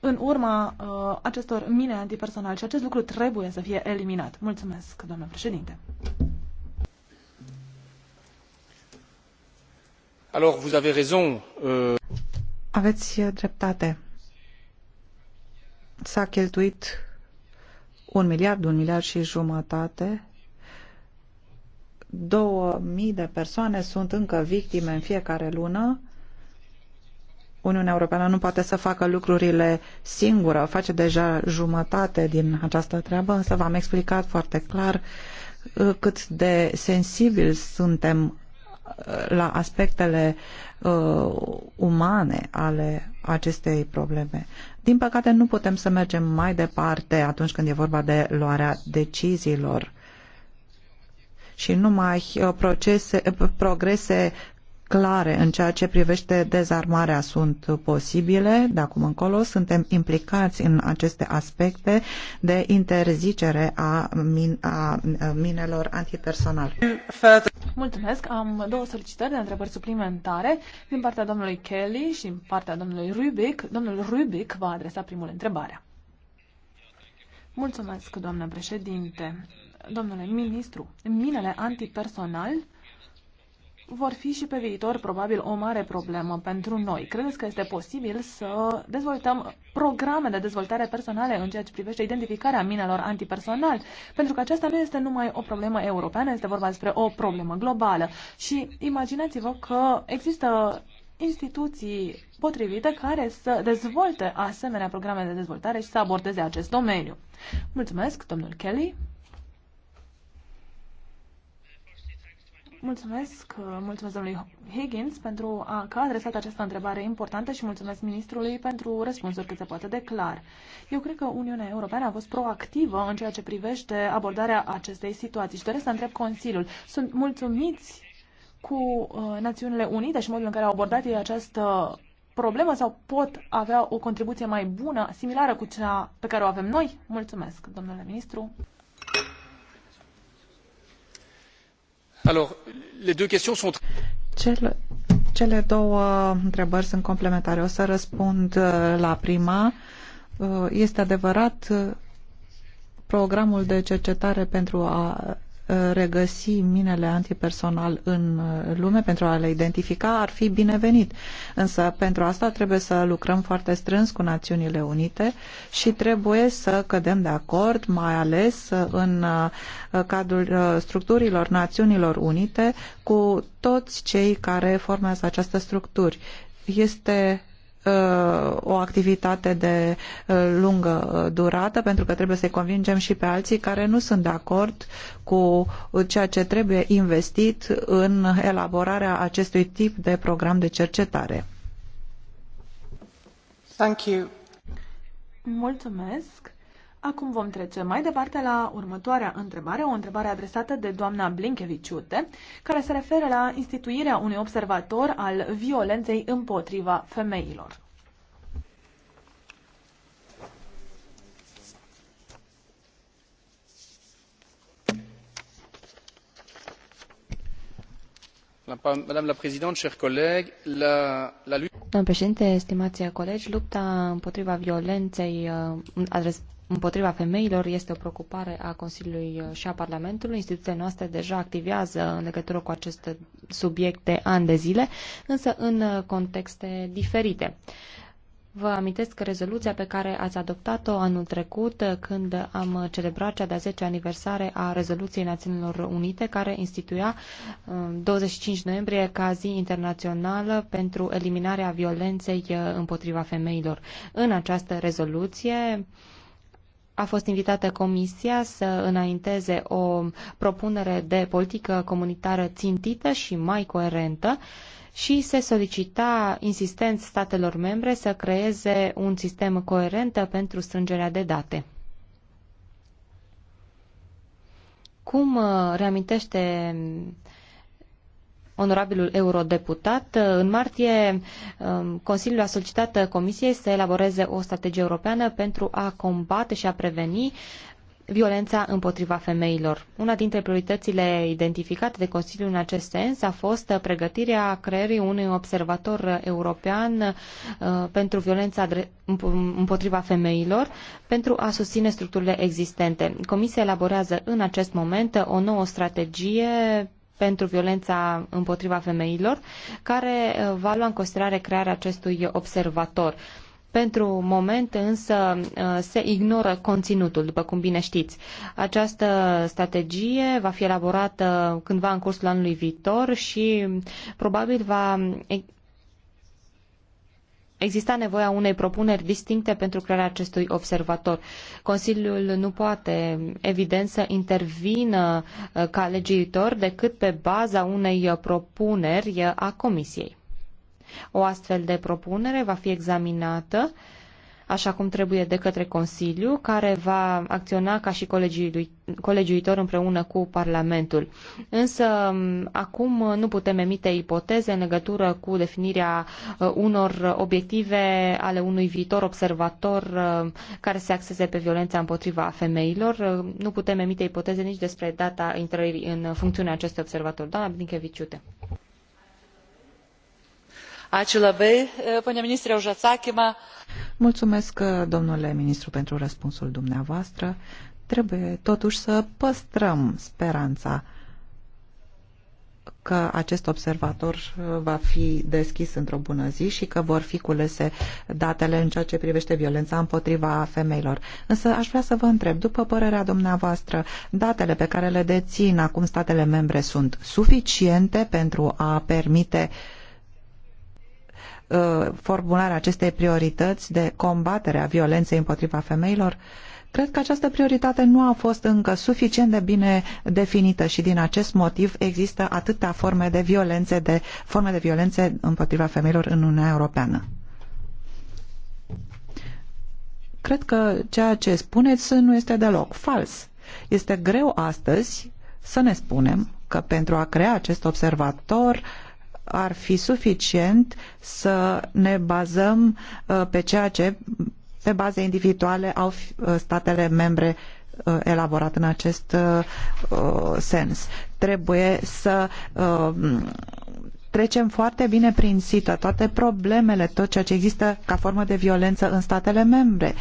în urma uh, acestor mine antipersonale, și acest lucru trebuie să fie eliminat. Mulțumesc, doamnă președinte. Alors, vous avez raison. Euh... Aveți dreptate. S-a cheltuit un miliard, un miliard și jumătate. Două mii de persoane sunt încă victime în fiecare lună Uniunea Europeană nu poate să facă lucrurile singură, face deja jumătate din această treabă, însă v-am explicat foarte clar uh, cât de sensibil suntem uh, la aspectele uh, umane ale acestei probleme. Din păcate, nu putem să mergem mai departe atunci când e vorba de luarea deciziilor și numai uh, procese, progrese clare în ceea ce privește dezarmarea sunt posibile. De acum încolo suntem implicați în aceste aspecte de interzicere a, min a minelor antipersonal. Mulțumesc. Am două solicitări de întrebări suplimentare din partea domnului Kelly și din partea domnului Rubic. Domnul Rubic va adresa primul întrebarea. Mulțumesc, doamnă președinte. Domnule ministru, minele antipersonal vor fi și pe viitor probabil o mare problemă pentru noi. Credeți că este posibil să dezvoltăm programe de dezvoltare personale în ceea ce privește identificarea minelor antipersonal? Pentru că aceasta nu este numai o problemă europeană, este vorba despre o problemă globală. Și imaginați-vă că există instituții potrivite care să dezvolte asemenea programe de dezvoltare și să abordeze acest domeniu. Mulțumesc, domnul Kelly. Mulțumesc, uh, mulțumesc domnului Higgins pentru a, că a adresat această întrebare importantă și mulțumesc ministrului pentru răspunsuri cât se poate de clar. Eu cred că Uniunea Europeană a fost proactivă în ceea ce privește abordarea acestei situații și doresc să întreb Consiliul. Sunt mulțumiți cu uh, Națiunile Unite și modul în care au abordat ei această problemă sau pot avea o contribuție mai bună, similară cu cea pe care o avem noi? Mulțumesc, domnule ministru. Cele, două întrebări sunt complementare. O să răspund uh, la prima. Uh, este adevărat, uh, programul de cercetare pentru a Uh, regăsi minele antipersonal în uh, lume, pentru a le identifica, ar fi binevenit. Însă pentru asta trebuie să lucrăm foarte strâns cu Națiunile Unite și trebuie să cădem de acord, mai ales uh, în cadrul structurilor Națiunilor Unite, cu toți cei care formează această structuri. Este Uh, o activitate de uh, lungă uh, durată, pentru că trebuie să-i convingem și pe alții care nu sunt de acord cu ceea ce trebuie investit în elaborarea acestui tip de program de cercetare. Thank you. Mulțumesc. Acum vom trece mai departe la următoarea întrebare, o întrebare adresată de doamna Blinkeviciute, care se referă la instituirea unui observator al violenței împotriva femeilor. Madame la Présidente, chers collègues, la, la lutte... Doamnă președinte, stimați colegi, lupta împotriva violenței uh, împotriva femeilor este o preocupare a Consiliului uh, și a Parlamentului. Instituțiile noastre deja activează în legătură cu acest subiect de ani de zile, însă în uh, contexte diferite. Vă amintesc că rezoluția pe care ați adoptat-o anul trecut, uh, când am celebrat cea de-a 10 aniversare a rezoluției Națiunilor Unite, care instituia 25 noiembrie ca zi internațională pentru eliminarea violenței împotriva femeilor. În această rezoluție, a fost invitată Comisia să înainteze o propunere de politică comunitară țintită și mai coerentă și se solicita insistent statelor membre să creeze un sistem coerent pentru strângerea de date. Cum uh, reamintește onorabilul eurodeputat. În martie, um, Consiliul a solicitat Comisiei să elaboreze o strategie europeană pentru a combate și a preveni violența împotriva femeilor. Una dintre prioritățile identificate de Consiliu în acest sens a fost pregătirea creării unui observator european uh, pentru violența împotriva femeilor pentru a susține structurile existente. Comisia elaborează în acest moment o nouă strategie pentru violența împotriva femeilor, care uh, va lua în considerare crearea acestui observator. Pentru moment însă uh, se ignoră conținutul, după cum bine știți. Această strategie va fi elaborată uh, cândva în cursul anului viitor și probabil va exista nevoia unei propuneri distincte pentru crearea acestui observator. Consiliul nu poate, evident, să intervină uh, ca legiuitor decât pe baza unei uh, propuneri uh, a Comisiei. O astfel de propunere va fi examinată uh, așa cum trebuie de către Consiliu, care va acționa ca și colegiuitor împreună cu Parlamentul. Însă, acum nu putem emite ipoteze în legătură cu definirea uh, unor obiective ale unui viitor observator uh, care se axeze pe violența împotriva femeilor. Uh, nu putem emite ipoteze nici despre data intrării în funcțiunea acestui observator. Doamna Blinkeviciute. Mulțumesc, domnule ministru, pentru răspunsul dumneavoastră. Trebuie totuși să păstrăm speranța că acest observator va fi deschis într-o bună zi și că vor fi culese datele în ceea ce privește violența împotriva femeilor. Însă aș vrea să vă întreb, după părerea dumneavoastră, datele pe care le dețin acum statele membre sunt suficiente pentru a permite uh, Uh, formularea acestei priorități de combatere a violenței împotriva femeilor, Cred că această prioritate nu a fost încă suficient de bine definită și din acest motiv există atâtea forme de violențe, de forme de violențe împotriva femeilor în Uniunea Europeană. Cred că ceea ce spuneți nu este deloc fals. Este greu astăzi să ne spunem că pentru a crea acest observator uh, ar fi suficient să ne bazăm uh, pe ceea ce pe baze individuale au uh, statele membre uh, elaborat în acest sens. Trebuie să trecem foarte bine prin sită toate problemele, tot ceea ce există ca formă de violență în statele membre.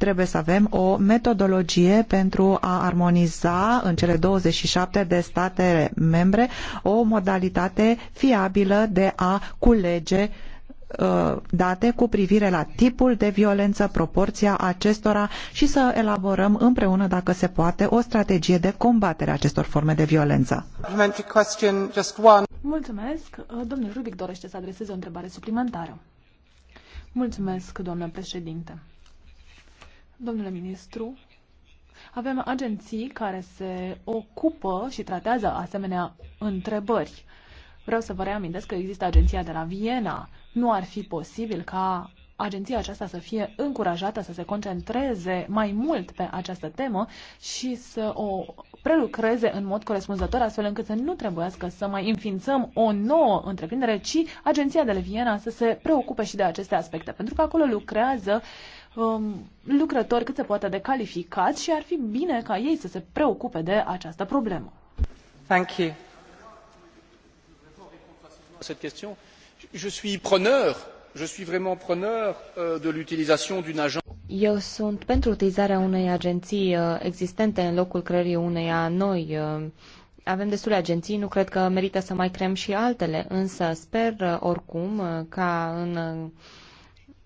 Trebuie să avem o metodologie pentru a armoniza în cele 27 de state membre o modalitate fiabilă de a culege uh, date cu privire la tipul de violență, proporția acestora și să elaborăm împreună, dacă se poate, o strategie de combatere a acestor forme de violență. Mulțumesc. Uh, domnul Rubic dorește să adreseze o întrebare suplimentară. Mulțumesc, doamnă președinte. Domnule ministru, avem agenții care se ocupă și tratează asemenea întrebări. Vreau să vă reamintesc că există agenția de la Viena. Nu ar fi posibil ca agenția aceasta să fie încurajată să se concentreze mai mult pe această temă și să o prelucreze în mod corespunzător, astfel încât să nu trebuiască să mai înființăm o nouă întreprindere, ci agenția de la Viena să se preocupe și de aceste aspecte, pentru că acolo lucrează uh, um, lucrători cât se poate de calificați și ar fi bine ca ei să se preocupe de această problemă. Thank you. Cette question, je suis preneur, je suis vraiment preneur euh, de l'utilisation d'une agence. Eu sunt pentru utilizarea unei agenții uh, existente în locul creării unei a noi uh, avem destule agenții, nu cred că merită să mai creăm și altele, însă sper uh, oricum ca în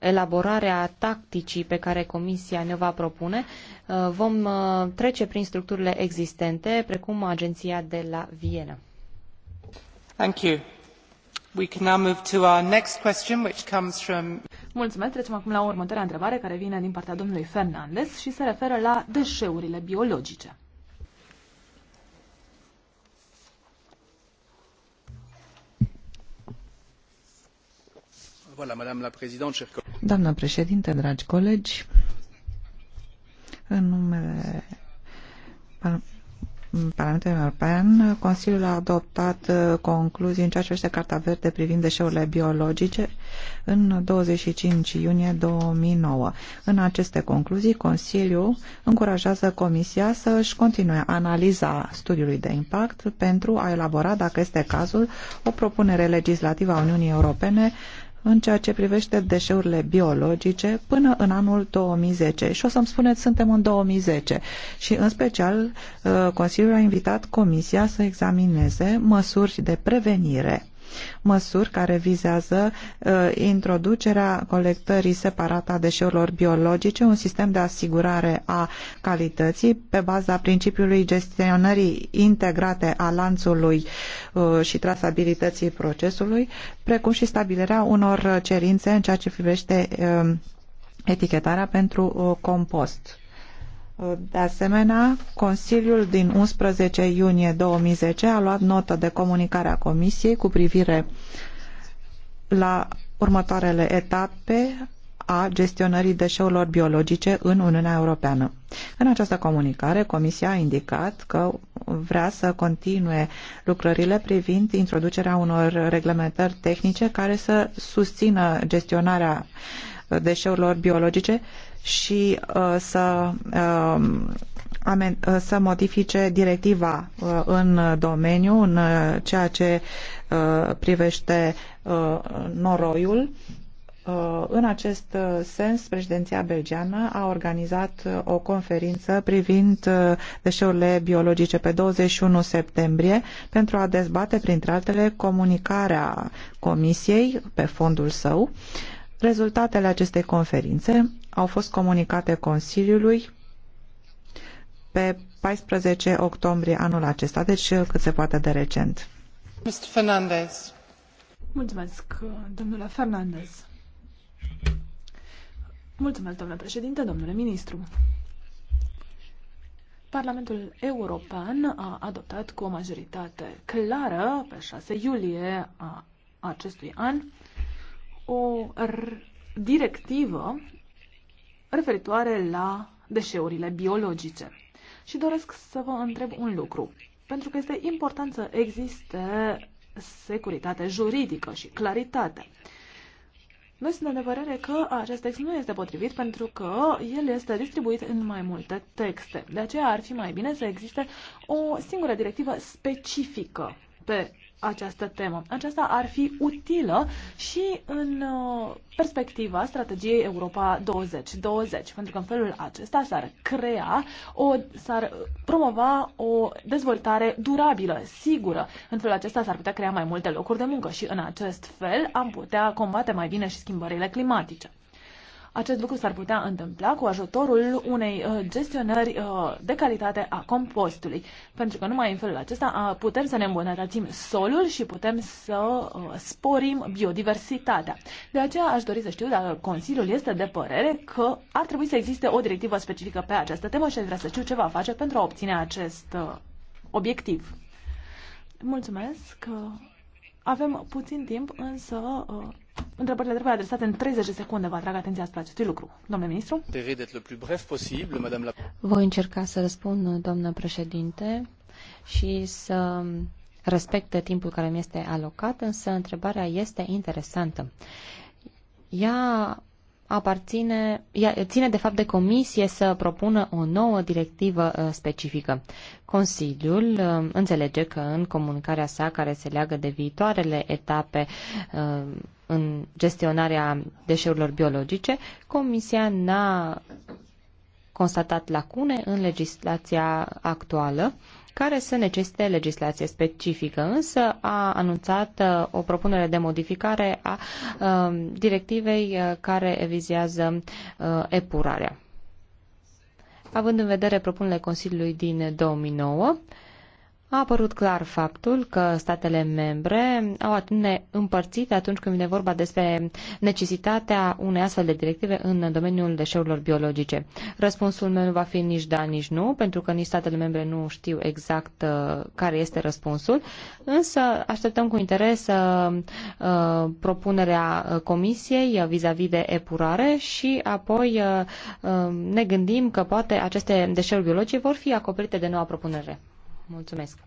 elaborarea tacticii pe care Comisia ne va propune, uh, vom uh, trece prin structurile existente, precum Agenția de la Viena. Thank you. We can now move to our next question, which comes from... Mulțumesc. Trecem acum la următoarea întrebare care vine din partea domnului Fernandez și se referă la deșeurile biologice. Voilà, Madame la Présidente, chers Doamnă președinte, dragi colegi, în numele Parlamentului European, Consiliul a adoptat uh, concluzii în ceea ce este Carta Verde privind deșeurile biologice în 25 iunie 2009. În aceste concluzii, Consiliul încurajează Comisia să își continue analiza studiului de impact pentru a elabora, dacă este cazul, o propunere legislativă a Uniunii Europene în ceea ce privește deșeurile biologice până în anul 2010. Și o să-mi spuneți, suntem în 2010 și în special uh, Consiliul a invitat Comisia să examineze măsuri de prevenire măsuri care vizează uh, introducerea colectării separate a deșeurilor biologice, un sistem de asigurare a calității pe baza principiului gestionării integrate a lanțului uh, și trasabilității procesului, precum și stabilirea unor cerințe în ceea ce privește uh, etichetarea pentru compost. De asemenea, Consiliul din 11 iunie 2010 a luat notă de comunicarea Comisiei cu privire la următoarele etape a gestionării deșeurilor biologice în Uniunea Europeană. În această comunicare, Comisia a indicat că vrea să continue lucrările privind introducerea unor reglementări tehnice care să susțină gestionarea deșeurilor biologice și uh, să uh, uh, să modifice directiva în domeniu, în ceea ce privește noroiul. În acest sens, președinția Belgiană a organizat o conferință privind deșeurile biologice pe 21 septembrie pentru a dezbate, printre altele, comunicarea Comisiei pe fondul său. Rezultatele acestei conferințe au fost comunicate Consiliului pe 14 octombrie anul acesta, deci cât se poate de recent. Mr. Fernandez. Mulțumesc, domnule Fernandez. Mulțumesc, domnule președinte, domnule ministru. Parlamentul European a adoptat cu o majoritate clară, pe 6 iulie a acestui an, o directivă referitoare la deșeurile biologice. Și doresc să vă întreb un lucru, pentru că este important să existe securitate juridică și claritate. Noi suntem de părere că acest text nu este potrivit pentru că el este distribuit în mai multe texte. De aceea ar fi mai bine să existe o singură directivă specifică pe această temă. Aceasta ar fi utilă și în uh, perspectiva strategiei Europa 2020, pentru că în felul acesta s-ar crea, o, s-ar uh, promova o dezvoltare durabilă, sigură. În felul acesta s-ar putea crea mai multe locuri de muncă și în acest fel am putea combate mai bine și schimbările climatice. Acest lucru s-ar putea întâmpla cu ajutorul unei uh, gestionări uh, de calitate a compostului, pentru că numai în felul acesta uh, putem să ne îmbunătățim solul și putem să sporim biodiversitatea. De aceea aș dori să știu dacă Consiliul este de părere că ar trebui să existe o directivă specifică pe această temă și aș vrea să știu ce va face pentru a obține acest obiectiv. Mulțumesc! Avem puțin timp, însă Întrebările trebuie adresate în 30 de secunde. Vă atrag atenția asupra acestui lucru. Domnule ministru. Voi încerca să răspund, doamnă președinte, și să respecte timpul care mi este alocat, însă întrebarea este interesantă. Ea aparține, ea ține de fapt de comisie să propună o nouă directivă uh, specifică. Consiliul uh, înțelege că în comunicarea sa care se leagă de viitoarele etape uh, în gestionarea deșeurilor biologice, Comisia n-a constatat lacune în legislația actuală care să necesite legislație specifică, însă a anunțat uh, o propunere de modificare a um, directivei uh, care vizează uh, epurarea. Având în vedere propunerile Consiliului din 2009, a apărut clar faptul că statele membre au atunci împărțite atunci când vine vorba despre necesitatea unei astfel de directive în domeniul deșeurilor biologice. Răspunsul meu nu va fi nici da, nici nu, pentru că nici statele membre nu știu exact uh, care este răspunsul, însă așteptăm cu interes uh, uh, propunerea comisiei vis-a-vis -vis de epurare și apoi ne gândim că poate aceste deșeuri biologice vor fi acoperite de noua propunere. Mulțumesc.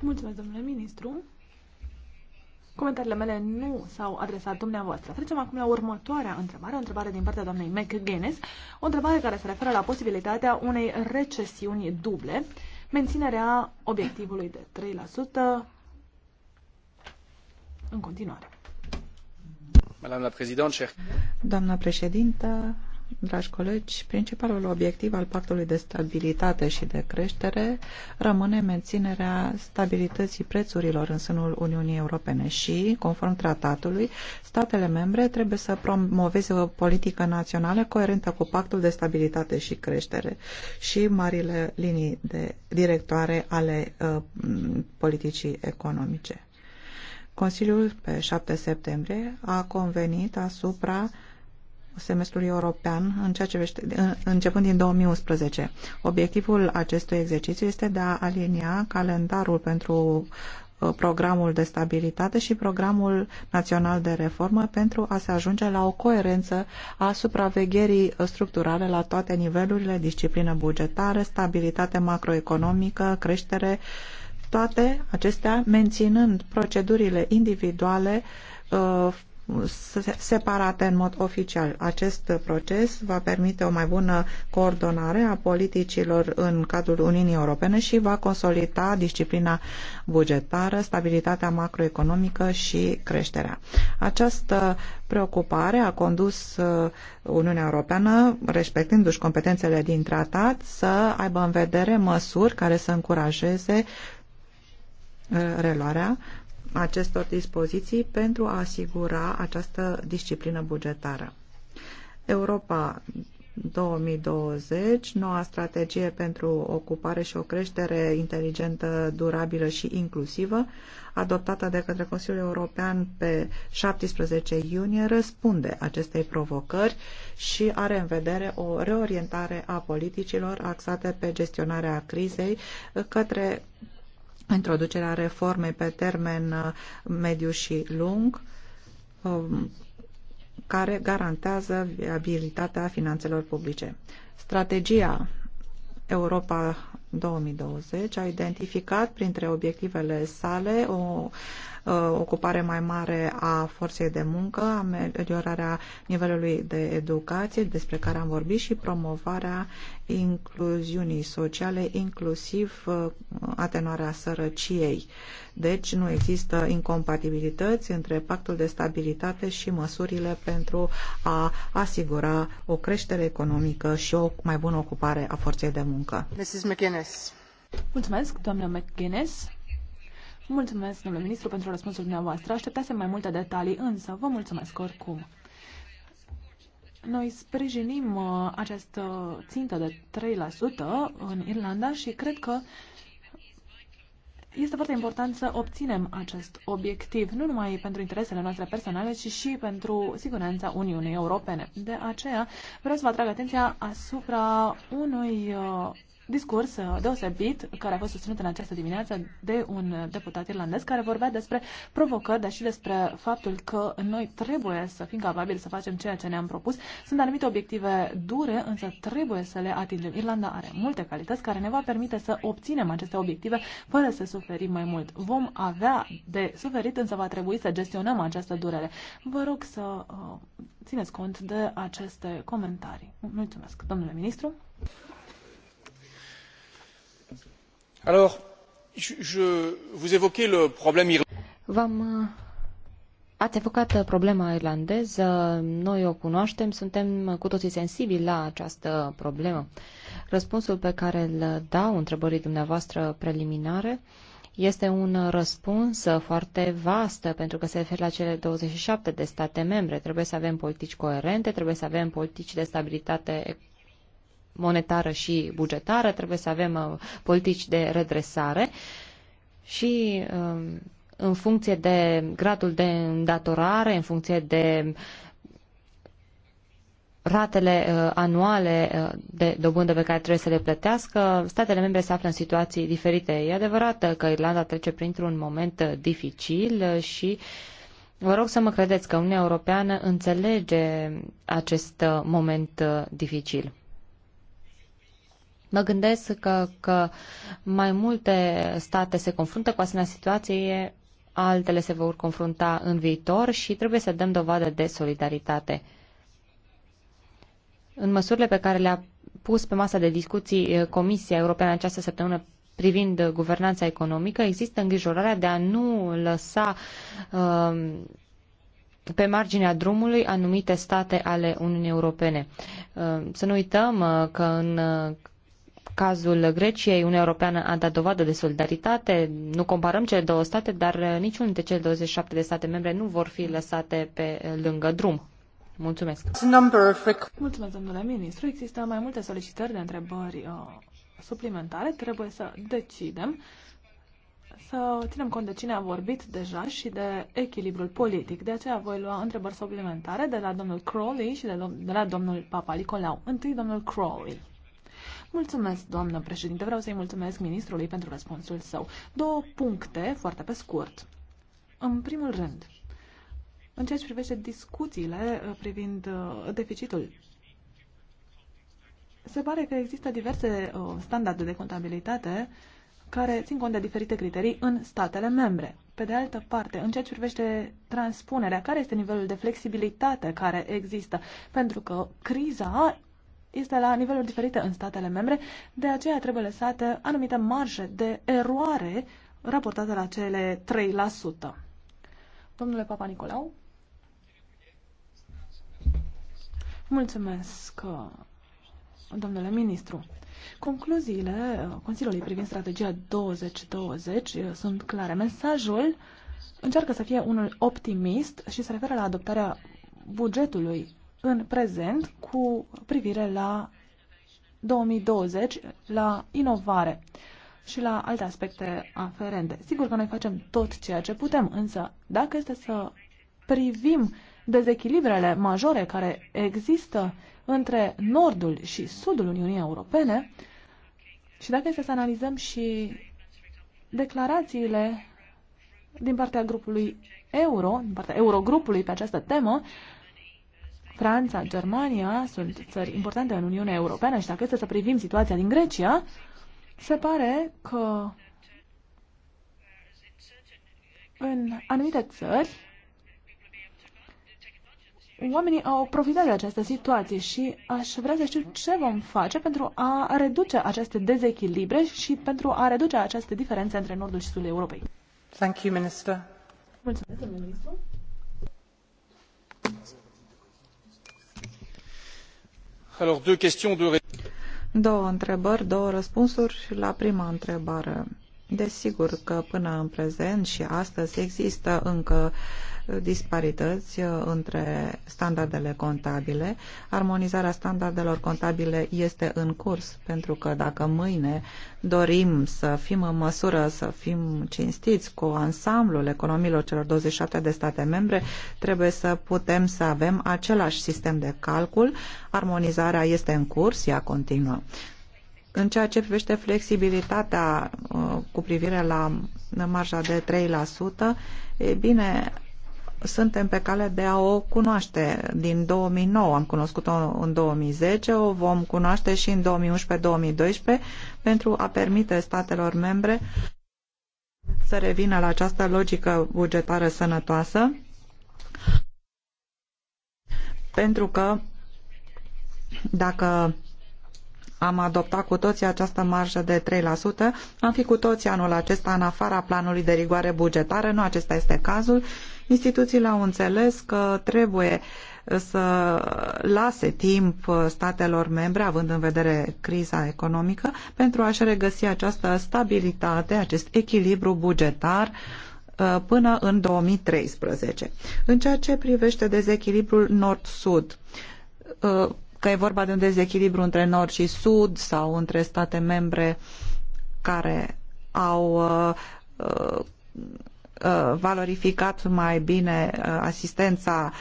Mulțumesc, domnule ministru. Comentariile mele nu s-au adresat dumneavoastră. Trecem acum la următoarea întrebare, o întrebare din partea doamnei McGuinness, o întrebare care se referă la posibilitatea unei recesiuni duble, menținerea obiectivului de 3% în continuare. Doamna președintă, Dragi colegi, principalul obiectiv al Pactului de Stabilitate și de Creștere rămâne menținerea stabilității prețurilor în sânul Uniunii Europene și, conform tratatului, statele membre trebuie să promoveze o politică națională coerentă cu Pactul de Stabilitate și Creștere și marile linii de directoare ale uh, politicii economice. Consiliul, pe 7 septembrie, a convenit asupra semestrului european în ceea ce vește, începând din 2011. Obiectivul acestui exercițiu este de a alinia calendarul pentru uh, programul de stabilitate și programul național de reformă pentru a se ajunge la o coerență a supravegherii structurale la toate nivelurile, disciplină bugetară, stabilitate macroeconomică, creștere, toate acestea menținând procedurile individuale uh, separate în mod oficial. Acest proces va permite o mai bună coordonare a politicilor în cadrul Uniunii Europene și va consolida disciplina bugetară, stabilitatea macroeconomică și creșterea. Această preocupare a condus uh, Uniunea Europeană, respectându-și competențele din tratat, să aibă în vedere măsuri care să încurajeze uh, reluarea acestor dispoziții pentru a asigura această disciplină bugetară. Europa 2020, noua strategie pentru ocupare și o creștere inteligentă, durabilă și inclusivă, adoptată de către Consiliul European pe 17 iunie, răspunde acestei provocări și are în vedere o reorientare a politicilor axate pe gestionarea crizei către introducerea reformei pe termen uh, mediu și lung, um, care garantează viabilitatea finanțelor publice. Strategia Europa 2020 a identificat printre obiectivele sale o Uh, ocupare mai mare a forței de muncă, ameliorarea nivelului de educație despre care am vorbit și promovarea incluziunii sociale, inclusiv uh, atenuarea sărăciei. Deci nu există incompatibilități între pactul de stabilitate și măsurile pentru a asigura o creștere economică și o mai bună ocupare a forței de muncă. Mrs. McGuinness. Mulțumesc, doamnă McGuinness. Mulțumesc, domnule ministru, pentru răspunsul dumneavoastră. Așteptase mai multe detalii, însă vă mulțumesc oricum. Noi sprijinim uh, această țintă de 3% în Irlanda și cred că este foarte important să obținem acest obiectiv, nu numai pentru interesele noastre personale, ci și pentru siguranța Uniunii Europene. De aceea vreau să vă atrag atenția asupra unui uh, discurs uh, deosebit care a fost susținut în această dimineață de un deputat irlandez care vorbea despre provocări, dar și despre faptul că noi trebuie să fim capabili să facem ceea ce ne-am propus. Sunt anumite obiective dure, însă trebuie să le atingem. Irlanda are multe calități care ne va permite să obținem aceste obiective fără să suferim mai mult. Vom avea de suferit, însă va trebui să gestionăm această durere. Vă rog să uh, țineți cont de aceste comentarii. Mulțumesc, domnule ministru. V-am uh, Ați evocat problema irlandeză, noi o cunoaștem, suntem cu toții sensibili la această problemă. Răspunsul pe care îl dau întrebării dumneavoastră preliminare este un răspuns foarte vast, pentru că se referă la cele 27 de state membre. Trebuie să avem politici coerente, trebuie să avem politici de stabilitate monetară și bugetară, trebuie să avem uh, politici de redresare și um, în funcție de gradul de îndatorare, în funcție de ratele uh, anuale uh, de dobândă pe care trebuie să le plătească, statele membre se află în situații diferite. E adevărat că Irlanda trece printr-un moment dificil și vă rog să mă credeți că Uniunea Europeană înțelege acest moment dificil. Mă gândesc că, că mai multe state se confruntă cu asemenea situație, altele se vor confrunta în viitor și trebuie să dăm dovadă de solidaritate. În măsurile pe care le-a pus pe masa de discuții eh, Comisia Europeană această săptămână privind eh, guvernanța economică, există îngrijorarea de a nu lăsa uh, pe marginea drumului anumite state ale Uniunii Europene. Uh, să nu uităm uh, că în cazul Greciei, Uniunea Europeană a dat dovadă de solidaritate. Nu comparăm cele două state, dar uh, niciunul dintre cele 27 de state membre nu vor fi lăsate pe uh, lângă drum. Mulțumesc. Mulțumesc, domnule ministru. Există mai multe solicitări de întrebări uh, suplimentare. Trebuie să decidem să ținem cont de cine a vorbit deja și de echilibrul politic. De aceea voi lua întrebări suplimentare de la domnul Crowley și de, de la domnul Papa Nicolau. Întâi domnul Crowley. Mulțumesc, doamnă președinte. Vreau să-i mulțumesc ministrului pentru răspunsul său. Două puncte, foarte pe scurt. În primul rând, în ceea ce privește discuțiile uh, privind uh, deficitul se pare că există diverse uh, standarde de contabilitate care țin cont de diferite criterii în statele membre. Pe de altă parte, în ceea ce privește transpunerea, care este nivelul de flexibilitate care există? Pentru că criza este la niveluri diferite în statele membre, de aceea trebuie lăsate anumite marje de eroare raportate la cele 3%. Domnule Papa Nicolau? Mulțumesc, domnule ministru. Concluziile Consiliului privind strategia 2020 sunt clare. Mesajul încearcă să fie unul optimist și se referă la adoptarea bugetului în prezent cu privire la 2020, la inovare și la alte aspecte aferente. Sigur că noi facem tot ceea ce putem, însă dacă este să privim dezechilibrele majore care există între nordul și sudul Uniunii Europene și dacă este să analizăm și declarațiile din partea grupului euro, din partea eurogrupului pe această temă, Franța, Germania sunt țări importante în Uniunea Europeană și dacă este să privim situația din Grecia, se pare că în anumite țări oamenii au profitat de această situație și aș vrea să știu ce vom face pentru a reduce aceste dezechilibre și pentru a reduce aceste diferențe între nordul și sudul Europei. Thank you, Minister. Mulțumesc, ministru. Două întrebări, două răspunsuri la prima întrebare. Desigur că până în prezent și astăzi există încă disparități uh, între standardele contabile. Armonizarea standardelor contabile este în curs, pentru că dacă mâine dorim să fim în măsură să fim cinstiți cu ansamblul economiilor celor 27 de state membre, trebuie să putem să avem același sistem de calcul. Armonizarea este în curs, ea continuă. În ceea ce privește flexibilitatea uh, cu privire la marja de 3%, e bine, suntem pe cale de a o cunoaște. Din 2009 am cunoscut-o în 2010, o vom cunoaște și în 2011-2012 pentru a permite statelor membre să revină la această logică bugetară sănătoasă pentru că dacă am adoptat cu toții această marjă de 3%, am fi cu toții anul acesta în afara planului de rigoare bugetară, nu acesta este cazul. Instituțiile au înțeles că trebuie să lase timp statelor membre, având în vedere criza economică, pentru a-și regăsi această stabilitate, acest echilibru bugetar uh, până în 2013. În ceea ce privește dezechilibrul nord-sud, uh, că e vorba de un dezechilibru între nord și sud sau între state membre care au uh, uh, uh valorificat mai bine uh, asistența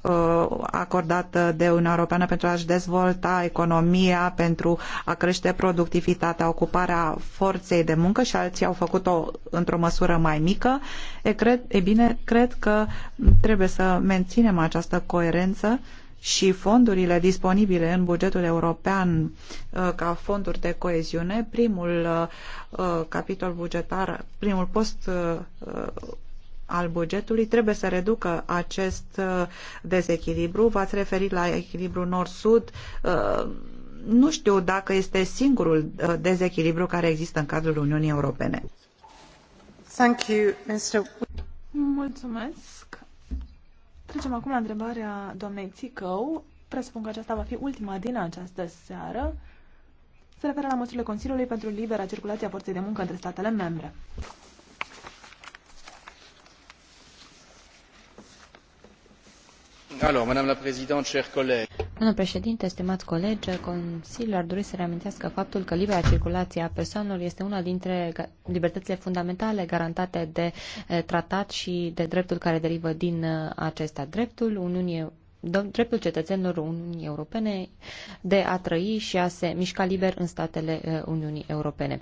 uh, acordată de Uniunea Europeană pentru a-și dezvolta economia, pentru a crește productivitatea, ocuparea forței de muncă și alții au făcut-o într-o măsură mai mică, e, cred, e bine, cred că trebuie să menținem această coerență uh, și fondurile disponibile în bugetul european uh, ca fonduri de coeziune, primul uh, uh, capitol bugetar, primul post al bugetului trebuie să reducă acest dezechilibru. V-ați referit la echilibru nord-sud. Nu știu dacă este singurul dezechilibru care există în cadrul Uniunii Europene. Thank you, Mr. Mulțumesc. Trecem acum la întrebarea doamnei Țicău. Presupun că aceasta va fi ultima din această seară. Se referă la măsurile Consiliului pentru libera circulație a forței de muncă între statele membre. Alors, Madame la Présidente, chers collègues. Domnul președinte, stimați colegi, Consiliul ar dori să reamintească faptul că libera circulație a persoanelor este una dintre libertățile fundamentale garantate de eh, tratat și de dreptul care derivă din eh, acesta. Dreptul Uniunii dreptul cetățenilor Uniunii Europene de a trăi și a se mișca liber în statele eh, Uniunii Europene.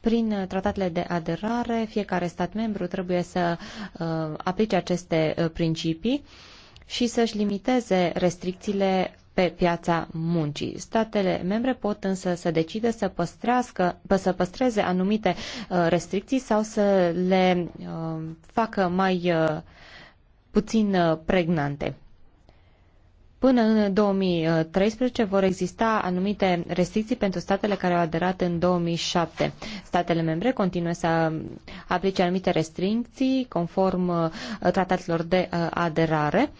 Prin tratatele de aderare, fiecare stat membru trebuie să aplice aceste principii și să-și limiteze restricțiile pe piața muncii. Statele membre pot însă să decide să, păstrească, să păstreze anumite uh, restricții sau să le uh, facă mai uh, puțin pregnante. Până în 2013 vor exista anumite restricții pentru statele care au aderat în 2007. Statele membre continuă să aplice anumite restricții conform tratatelor de aderare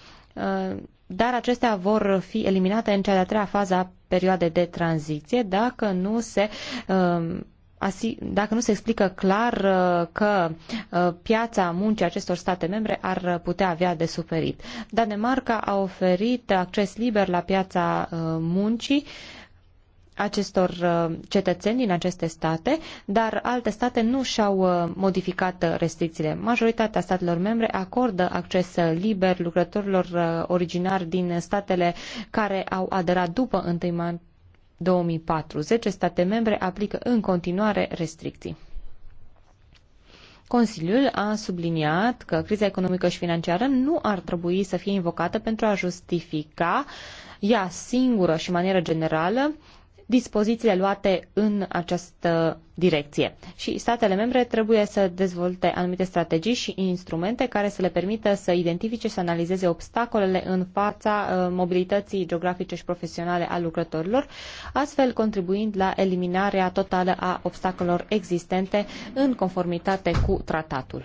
dar acestea vor fi eliminate în cea de-a treia fază a perioadei de tranziție dacă nu se um, dacă nu se explică clar uh, că uh, piața muncii acestor state membre ar putea avea de suferit. Danemarca a oferit acces liber la piața uh, muncii acestor uh, cetățeni din aceste state, dar alte state nu și-au uh, modificat uh, restricțiile. Majoritatea statelor membre acordă acces liber lucrătorilor originari din statele care au aderat după 1 mai 2004. Deci, state membre aplică în continuare restricții. Consiliul a subliniat că criza economică și financiară nu ar trebui să fie invocată pentru a justifica ea singură și în manieră generală dispozițiile luate în această direcție. Și statele membre trebuie să dezvolte anumite strategii și instrumente care să le permită să identifice și să analizeze obstacolele în fața uh, mobilității geografice și profesionale a lucrătorilor, astfel contribuind la eliminarea totală a obstacolelor existente în conformitate cu tratatul.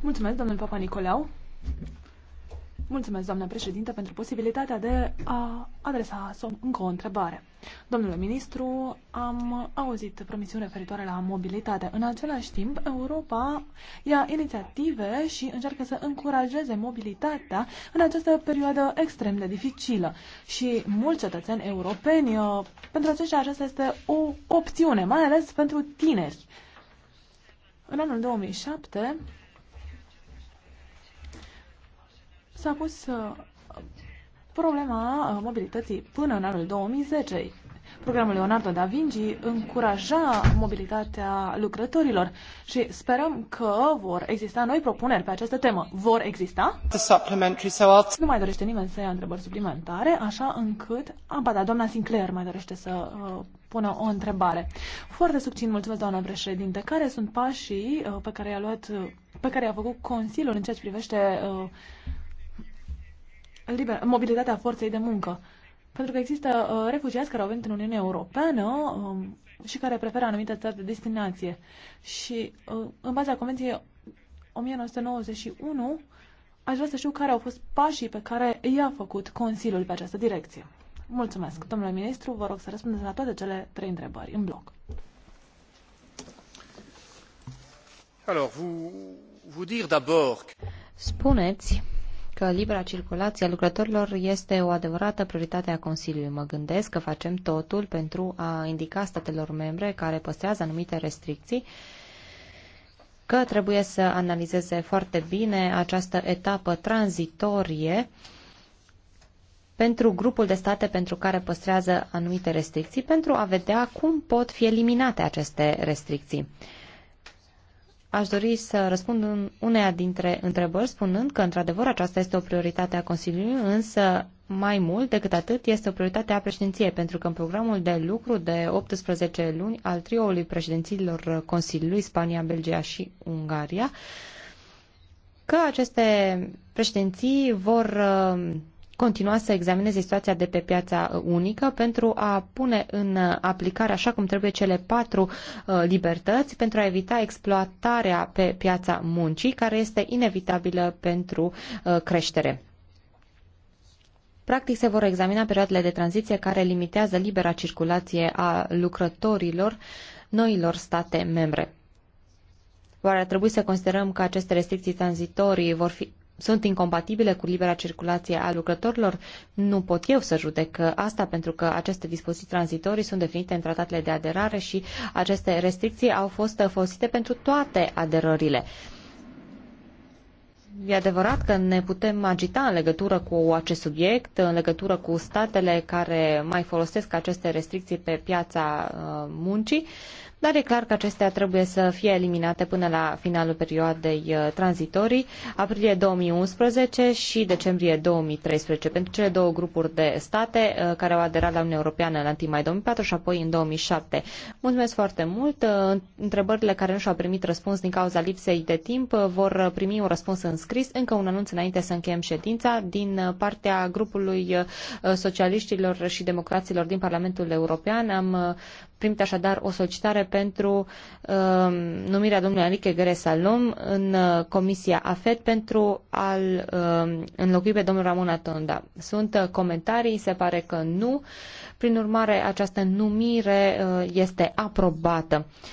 Mulțumesc, domnul Papa Nicolau. Mulțumesc, doamna președinte, pentru posibilitatea de a adresa încă o întrebare. Domnule ministru, am auzit promisiuni referitoare la mobilitate. În același timp, Europa ia inițiative și încearcă să încurajeze mobilitatea în această perioadă extrem de dificilă. Și mulți cetățeni europeni, uh, pentru aceștia aceasta este o opțiune, mai ales pentru tineri. În anul 2007, s-a pus uh, problema uh, mobilității până în anul 2010. Programul Leonardo da Vinci încuraja mobilitatea lucrătorilor și sperăm că vor exista noi propuneri pe această temă. Vor exista? Nu mai dorește nimeni să ia întrebări suplimentare, așa încât... A, ba, da, doamna Sinclair mai dorește să uh, pună o întrebare. Foarte subțin, mulțumesc, doamna președinte. Care sunt pașii uh, pe care i-a luat, uh, pe care i-a făcut Consiliul în ceea ce privește uh, liber, mobilitatea forței de muncă. Pentru că există uh, refugiați care au venit în Uniunea Europeană um, și care preferă anumite țări de destinație. Și uh, în baza Convenției 1991, aș vrea să știu care au fost pașii pe care i-a făcut Consiliul pe această direcție. Mulțumesc. Domnule ministru, vă rog să răspundeți la toate cele trei întrebări în bloc. Alors, vous, vous dire d'abord... Spuneți că libera circulație a lucrătorilor este o adevărată prioritate a Consiliului. Mă gândesc că facem totul pentru a indica statelor membre care păstrează anumite restricții că trebuie să analizeze foarte bine această etapă tranzitorie pentru grupul de state pentru care păstrează anumite restricții, pentru a vedea cum pot fi eliminate aceste restricții aș dori să răspund în uneia dintre întrebări, spunând că, într-adevăr, aceasta este o prioritate a Consiliului, însă mai mult decât atât este o prioritate a președinției, pentru că în programul de lucru de 18 luni al trioului președinților Consiliului Spania, Belgia și Ungaria, că aceste președinții vor continua să examineze situația de pe piața unică pentru a pune în aplicare așa cum trebuie cele patru uh, libertăți pentru a evita exploatarea pe piața muncii, care este inevitabilă pentru uh, creștere. Practic se vor examina perioadele de tranziție care limitează libera circulație a lucrătorilor noilor state membre. Oare ar trebui să considerăm că aceste restricții tranzitorii vor fi sunt incompatibile cu libera circulație a lucrătorilor, nu pot eu să judec asta pentru că aceste dispoziții tranzitorii sunt definite în tratatele de aderare și aceste restricții au fost folosite pentru toate aderările. E adevărat că ne putem agita în legătură cu acest subiect, în legătură cu statele care mai folosesc aceste restricții pe piața uh, muncii, dar e clar că acestea trebuie să fie eliminate până la finalul perioadei uh, tranzitorii, aprilie 2011 și decembrie 2013, pentru cele două grupuri de state uh, care au aderat la Uniunea Europeană la timp mai 2004 și apoi în 2007. Mulțumesc foarte mult! Uh, întrebările care nu și-au primit răspuns din cauza lipsei de timp vor primi un răspuns înscris încă un anunț înainte să încheiem ședința din partea grupului socialiștilor și democraților din Parlamentul European. Am primit așadar o solicitare pentru uh, numirea domnului Enrique Gresalom în uh, Comisia AFET pentru a-l uh, înlocui pe domnul Ramon Atonda. Sunt uh, comentarii, se pare că nu. Prin urmare, această numire uh, este aprobată.